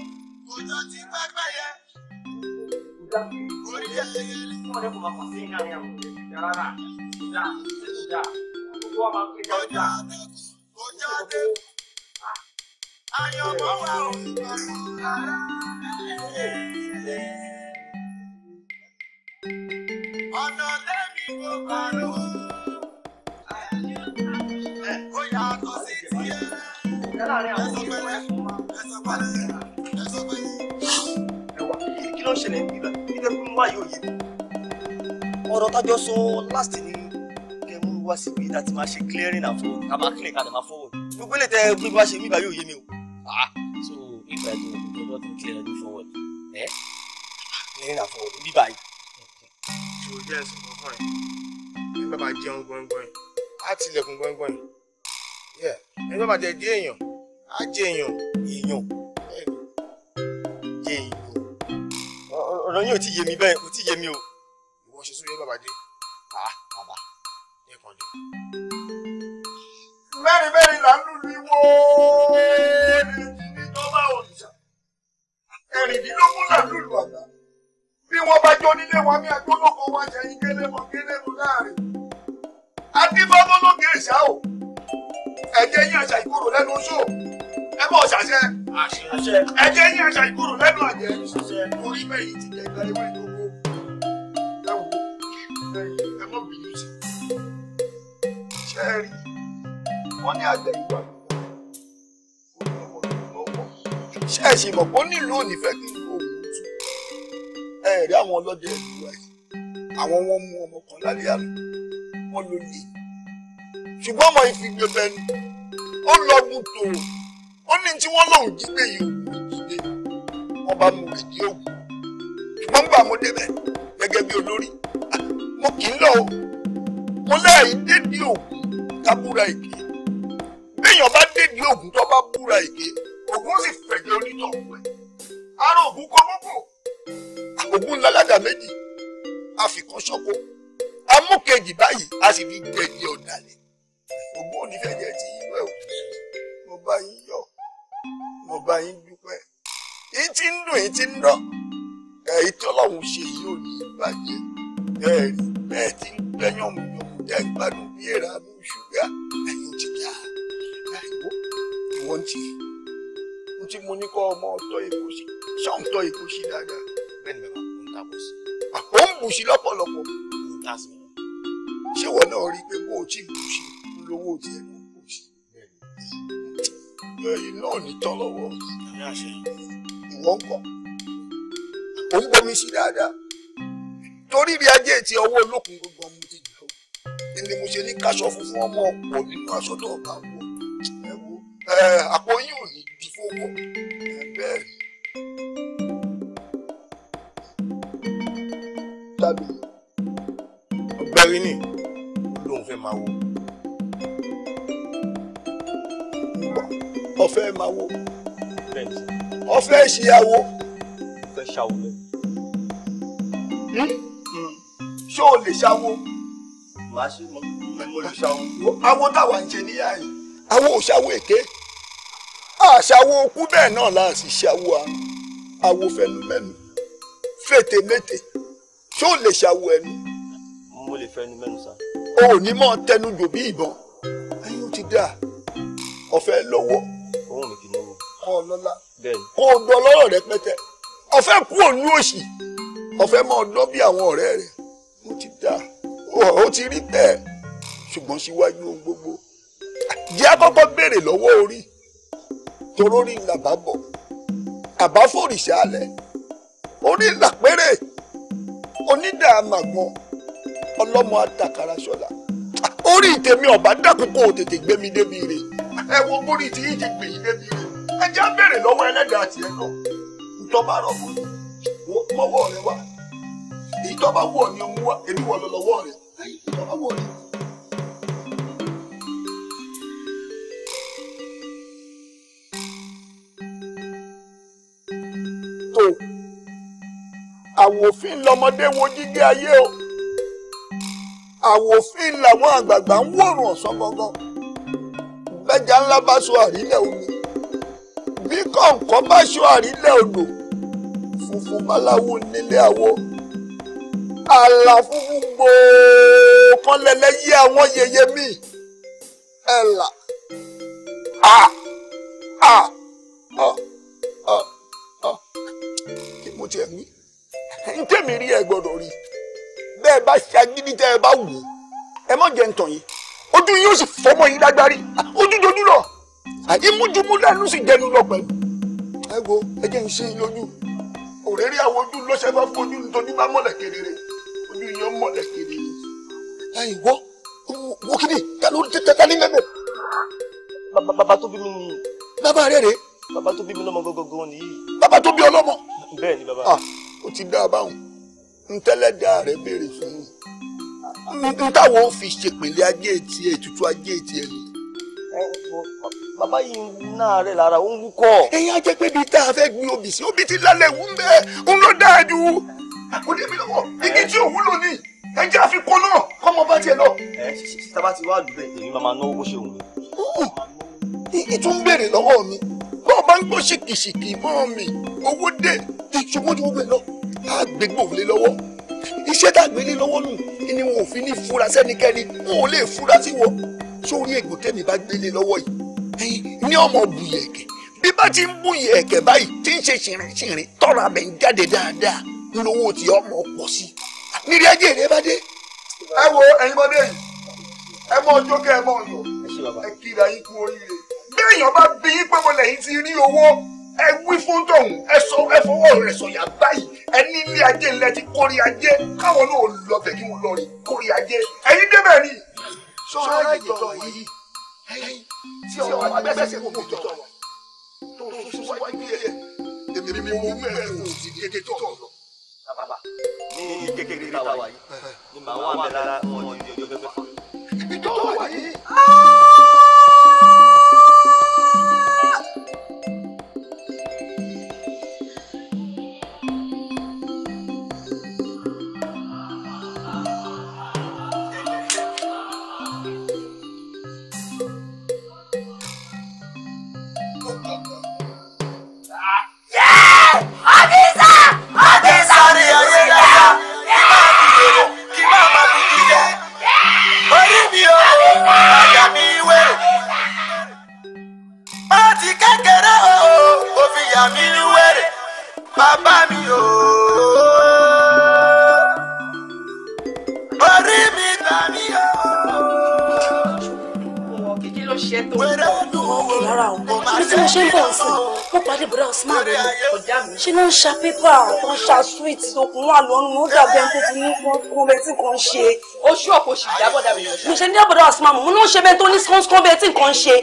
àwùjọ ti pẹ́pẹ́ yẹ. orí yẹ fún ọdẹ kò máa kọ sí ìyá rẹ o yàrá ìdá ìdá gbogbo ọmọ akéwì ìdá ìdá. ojú àdé ayọ̀mọ̀ wà ó. ọ̀nà lẹ́mí mo bá lò ló ṣẹlẹ̀ níbà níbẹ̀ fún mi wáyé òye mi. ọ̀rọ̀ tájọ sọ last ni kẹ́ mú wá síbi láti máa ṣe clearing and forward ká máa clear ká máa forward gbogbo ilé tẹ bí wá ṣe níbà yóò yé mi o. Ah, so if i do you don't clear and forward ẹ clearing and forward bíbá yìí. ṣòro jẹ́ ẹ̀sìn gbọ́ngàn yìí bí bàbá jẹun gbọ́ngàn á tilẹ̀kùn gbọ́ngàn yìí ẹ bí bàbá jẹ dé èèyàn á jẹ èèyàn èèyàn. ọ̀rọ̀ yín ò yé mi bẹ́ẹ̀ kò tí yé mi o. ìwọ ṣe sórí bàbá dé à bàbá ní ẹ̀kan dé. mẹ́rin mẹ́rin là ń lùlù iwọ ní ìjọba òrìṣà ẹ̀rìndínlógún là ń lùlù àgbà bí wọ́n bá jó nílé wọn ní agbólógbò wọn jẹ́ yín kélébọ̀ kélébọ̀ láàrin. adébábọ́ ló gé ìṣá o ẹ̀jẹ̀ yín àṣà ìkorò lẹ́nu oṣù ẹ bọ̀ ṣàṣẹ ẹ jẹ́ yín àṣà ìkorò lẹ́nu àjẹ́ orí bẹ́yìn ti jẹ́ ìgbàlẹ́ wẹ́ẹ́ tó kó ẹ mọ̀ bínú sí ṣẹ́ẹ̀rì wọ́n ní àgbẹ̀ ìwà ṣẹ́ẹ̀ṣì mọ̀ pé ó nílùú òní fẹ́ kí òun tú ẹ̀rí àwọn ọlọ́dẹ ìlú yìí àwọn wọn mú ọmọ kan lálẹ́ àná wọn ló lè ṣùgbọ́n ọmọ ìfigbẹ́bẹ́ ni ó lọ gbùtò ó ní tí wọ́n lòun jí gbé yìí òun jí gbé wọ́n bá mú èjì òkú ṣùgbọ́n gbà mo débẹ̀ gẹ́gẹ́ bí olórí mo kì í lọ o mo láàyè dédé òkú ká búra èké béèyàn bá dédé òkú tó bá búra èké ògún sì fẹ̀jẹ̀ onítọ̀ ọ̀pẹ ara ògún kọ́ gbogbo ògún lálàdà méjì a fi kan ṣọ́kó a mú kejì báyìí a sì fi gbẹ̀yìn ọ̀dàlẹ̀ ògún ò ní fẹ̀jẹ̀ tí yíwẹ̀ mo bá yín yọ̀ mo bá yín dúpẹ́ èyí tí ń dùn èyí tí ń dán èyí tí ọlọ́run ṣe yìí ò ní bàjẹ́ bẹ́ẹ̀ rí bẹ́ẹ̀ tí ń gbẹ́yàn mú yòókù jẹ́ ìgbádùn bí èrè àánú ṣúgà ẹ̀yìn ti dà àìwó ìwọ́n ti mo ti mo ní kọ́ ọmọ ọ̀tọ̀ èkó sí ṣọ́ǹtọ̀ èkó sí dáadáa bẹ́ẹ̀ ni bàbá mo ń tàbọ̀ sí ó ń bù sí lọ́pọ̀lọpọ̀ ṣé ìwọ náà rí i pé bó o ti bù sí lówó tiẹ̀ ló ń bù sí bẹ́ẹ̀ ni ẹ̀yìn náà ní tán lọ́wọ́ ìwọ ń kọ́ ò ń bomi sí dáadáa torí ibi ajé ti ọwọ́ olókùn gbogbo ọmọ ti jù ú ni mo ṣe ní káṣọ funfun ọmọ ọ̀pọ̀ nínú aṣọ tó ọ̀gá wọ ẹ wo àpò yín ò ní di fowó bẹ́ẹ̀ ni. ọ̀gbẹ́rì ni lóun fẹ́ máa wo. fẹ́ máa wo ọ fẹ́ ṣìyàwó. fẹ́ ṣàwó lẹ. Hmm? ṣé o lè ṣàwó. màá ṣe mọ mo lè ṣàwó. awo táwa ń ṣe níyà yìí. awo ò ṣàwó èké àṣàwó okú bẹ́ẹ̀ náà là á sì ṣàwó àrùn awo fẹnumẹnu fètè mété ṣé o lè ṣàwó ẹnu. mo lè fẹnu mẹnu sa. o ò ní mọ tẹnu jò bí ìbọn ẹyin ó ti dáa ọfẹ lọ́wọ́ fún ọ lọ́lá kó o dọ lọ́rọ̀ rẹpẹtẹ ọ̀fẹ́ kú òní òṣì ọ̀fẹ́ máa dọ́ bí àwọn ọ̀rẹ́ rẹ̀ mo ti dà ó ti rí bẹ́ẹ̀ ṣùgbọ́n síwájú ohun gbogbo jẹ́ àkọ́kọ́ béèrè lọ́wọ́ orí toró rí làbá bọ̀ àbá fòrìṣà alẹ̀ orí làpẹ́rẹ́ onídàámàgbọ́n ọlọ́mọ àtàkàrà ṣọlá orí tèmi ọ̀bá dákun kó o tètè gbé débi rè ẹ wo bórí tí yìí ti gbè débi rè ẹ jẹ́ béèrè lọ́wọ́ ẹlẹ́dàá tiẹ̀ náà ntọ́ba rọ̀ mọ́wọ́ rẹ wá èyí tó bá wọ̀ ni ó mú wá èmi wọ̀ lọ́wọ́ rẹ èyí tó bá wọ̀ ni. tó àwòfin lọmọdé wo jíjẹ ayé o àwòfin làwọn àgbààgbà ń wòrùn ọ̀sán gangan bẹ́jà ńlá bá so àrílẹ̀ omi bí kọ̀ǹkọ́ bá ṣọ́ àrílẹ̀ odò funfun báláwo nílé àwọ àlà funfun gbòó kan lẹ́lẹ́yé àwọn yẹyẹ mi ẹ̀là à à à à à kí mo tiẹ̀ ní ntẹ́mi rí ẹ gbọ́dọ̀ rí bẹ́ẹ̀ bá ṣagídí tẹ́ ẹ bá wù ẹ má jẹ́ ntàn yìí ojú yóò sì fọmọ yìí lágbárí ojú dojú lọ àìmújúmú lẹ́nu sì jẹnu lọ pẹ̀lú. ẹ wo ẹ jẹ́ ń ṣe lójú òrèrè àwọn ojú lọ́sẹ̀ bá fojú nítorí bá mọ̀lẹ̀ kedere ojú yan mọ̀lẹ̀ kedere. ẹ ìwọ wo kí ni ta ló dé tata ní lẹ́bẹ̀. bàbá tó bí mi nìyí. bàbá rẹ̀ rè. bàbá tó bí mi lọ́mọ gọ́gọ́gọ́ nìyí. bàbá tó bí ọlọ́mọ. bẹ́ẹ̀ ni bàbá. Ah, ó ti dá a báwọn ntẹ́lẹ́dá rẹ̀ béèrè fún mi. n táwọn fi ṣèpèlè ajé tiẹ̀ ètùtù ajé tiẹ̀ ni fún bàbá yìí náà rẹ̀ lára ó ń wúkọ́. ẹ̀yin ajẹ́ pé bíi tá a fẹ́ gbin obì sí obì ti lálẹ́ wù ń bẹ́ẹ̀ ń lọ dáa ju. àkùdé mi lọ́wọ́ igi tí òwú lò ní ẹjẹ́ àfikún náà kọ́mọ bá tiẹ̀ lọ. ẹ ṣe tábà ti wá àdúgbò èmi máa náwó bó ṣe wù mí. igi tún béèrè lọ́wọ́ mi bá a bá ń gbọ́ ṣìkìṣìkì mọ́ mi owó dé ṣùgbọ́n tí wọ́n gbẹ lọ àgbègbè òwúlé lọ́wọ́ iṣẹ́ tá a gbélé lọ́wọ́ nù ni wọn ò fi ní fura sẹ́nikẹ́ni wọn ò lè fura sí wọn sórí ègbò tẹ́mi bá gbélé lọ́wọ́ yìí ní ọmọ bùyẹ̀kẹ̀ bí bá ti ń bùyẹ̀kẹ̀ báyìí tí ń ṣe ṣìrìnṣìrìn tọ́ra bẹ̀ ń jáde dáadáa lówó tí ọmọ pọ̀ sí i nírí ajé rẹ bá dé. ẹ wo ẹ̀yin bọdẹ yìí ẹ mọ ọjọ́ kẹ ẹ mọ ọyọ ẹ kiri ayé kú oríire béèyàn bá bí yín pé mo lẹ́yìn ti rí owó ẹ wí fún tọ̀hún ẹ sọ ẹ fọwọ́ rẹ̀ sọ̀yà báyìí ẹ ní ilé ajé ńlẹ ti kórè ajé káwọn náà lọ bẹ̀ kí wọ́n lọ rí kórè ajé ẹ̀yin débẹ̀ ni sọ́ra ìjọ yìí tí ọmọ agbẹ́sẹ̀ kò tọ̀ tó sún síwájú bí ẹ̀ èmi mi mú mẹ́rin ò sì dédé tọ̀ lọ. bàbá ní kékeré táwa yìí ni màá wà mí ọmọ ìjọba fẹ́fẹ́. ibi tó wà yìí. Ah! Adi! tí mo ṣe ń bọ̀ sí mo pàdé bùrẹ́ Usman rẹ̀ ni ṣé ló ń ṣa pépà tó ń ṣa sweet okùn wà lọ́rùn ó dàbí ẹni tó ti ní kọ́ńbẹ́tì kan ṣe. oṣù ọ̀pọ̀ oṣù ìjábọ̀ dàbí oṣù. mo ṣe ní àbọ̀dá Usman mo ló ń ṣe bẹ́ẹ̀ tó ní kọ́ńbẹ́tì kan ṣe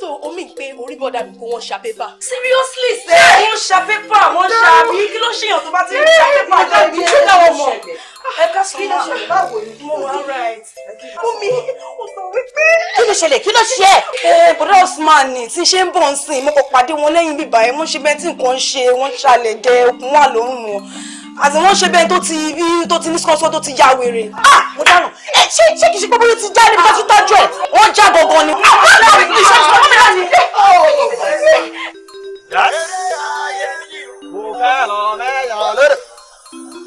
so omi pé orí bọ́dà mi kó wọ́n ṣa pépà. seriously ṣe wọ́n ṣa pépà wọ́n ṣa àbí kí ló ṣèyàn tó bá ti ń ṣa pépà láti ṣe láwọn mọ̀ ah, ẹ ká sọ náà ṣe ah, báwo ni mo wà right. omi o sọ wípé. kí ló ṣẹlẹ̀ kí ló ṣe ẹ̀. Eh, bọ́dà Usman ni tí ṣe ń bọ̀ ń sìn mo kò pàdé wọn lẹ́yìn bíbá ẹ̀ mo ṣe bẹ́ẹ̀ tí nǹkan ṣe wọ́n ṣàlẹ̀ jẹ okun wà lórùn wọn àti wọ́n ṣe bẹ́ẹ̀ tó ti tó ti ní sọ́sọ́ tó ti ya wèrè ah mo dáràn ẹ eh, ṣé ṣé kìí ṣe pé bóyá ti já ní bọ́sí tọ́jú ẹ̀ wọ́n já gangan ni.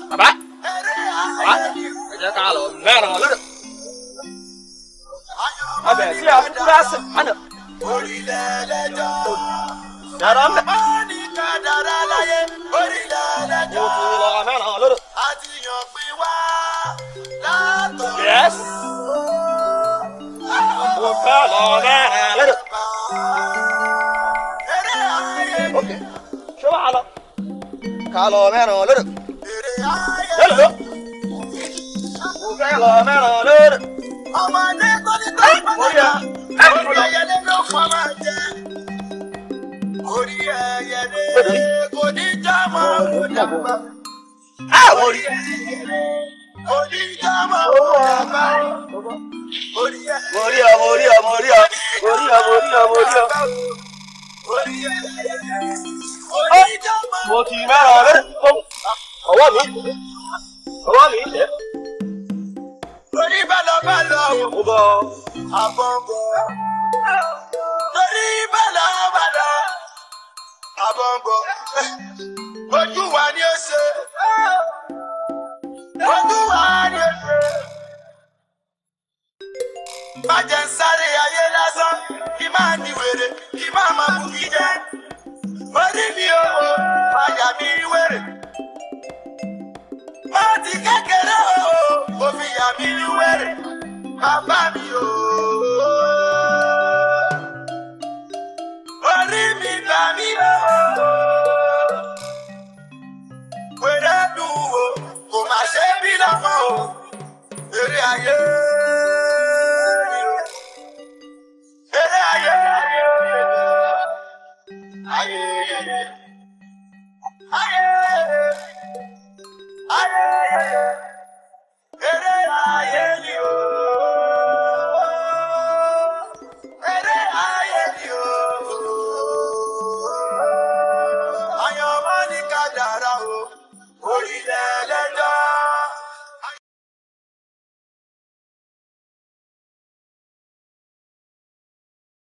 bàbá bàbá ẹ jẹ́ ká lọ mẹ́ràn lódò. ọbẹ̀ sí àfikún lásìkò àná dara mẹ. mọ́ni ká dara láyé orí lẹ́lẹ́jọ́ àti yàn pé wá látọ̀. yes. wọ́n fẹ́ lọ mẹ́rin lẹ́dọ̀. eré ayé mi. ok ṣé wàá lọ. ká lọ mẹ́rin lẹ́dọ̀. eré ayé mi. lẹ́dọ̀. wọ́n fẹ́ lọ mẹ́rin lẹ́dọ̀. ọmọdé tó ní tó ń bá wọn. orí ẹ. ẹ̀rọ ìyá yẹn ló fọ́ máa jẹ orí ẹyẹlé kò ní já mọ́ kò dàgbà. orí ẹyẹlé kò ní já mọ́ kò dàgbà. orí ọmọ orí ọmọ orí ọmọ orí ọmọ orí ọmọ orí ọmọ. Mo ti mẹ́ràn rẹ̀ ọwọ́ mi ọwọ́ mi tẹ̀. Torí bálọ̀bálọ̀ ò bọ̀ àbọ̀bọ̀. Torí bálọ̀bálọ̀ abọ́ngbọ́ ojú wa ni ó ṣe ojú wa ni ó ṣe má jẹ́ ń sáré ayé lásán kí máa ní wèrè kí máa máa bú kí jẹ́ orí mi ò wò àyà mi wèrè má ti kékeré o òfìyà mi wèrè bàbá mi ò. gbà mí o. Wẹ̀rẹ̀ dùn o, kò má ṣe bí lọ́mọ o, eré ayé. Eré ayé. Ayé. Ayé. Ayé. Eré ayé ni o.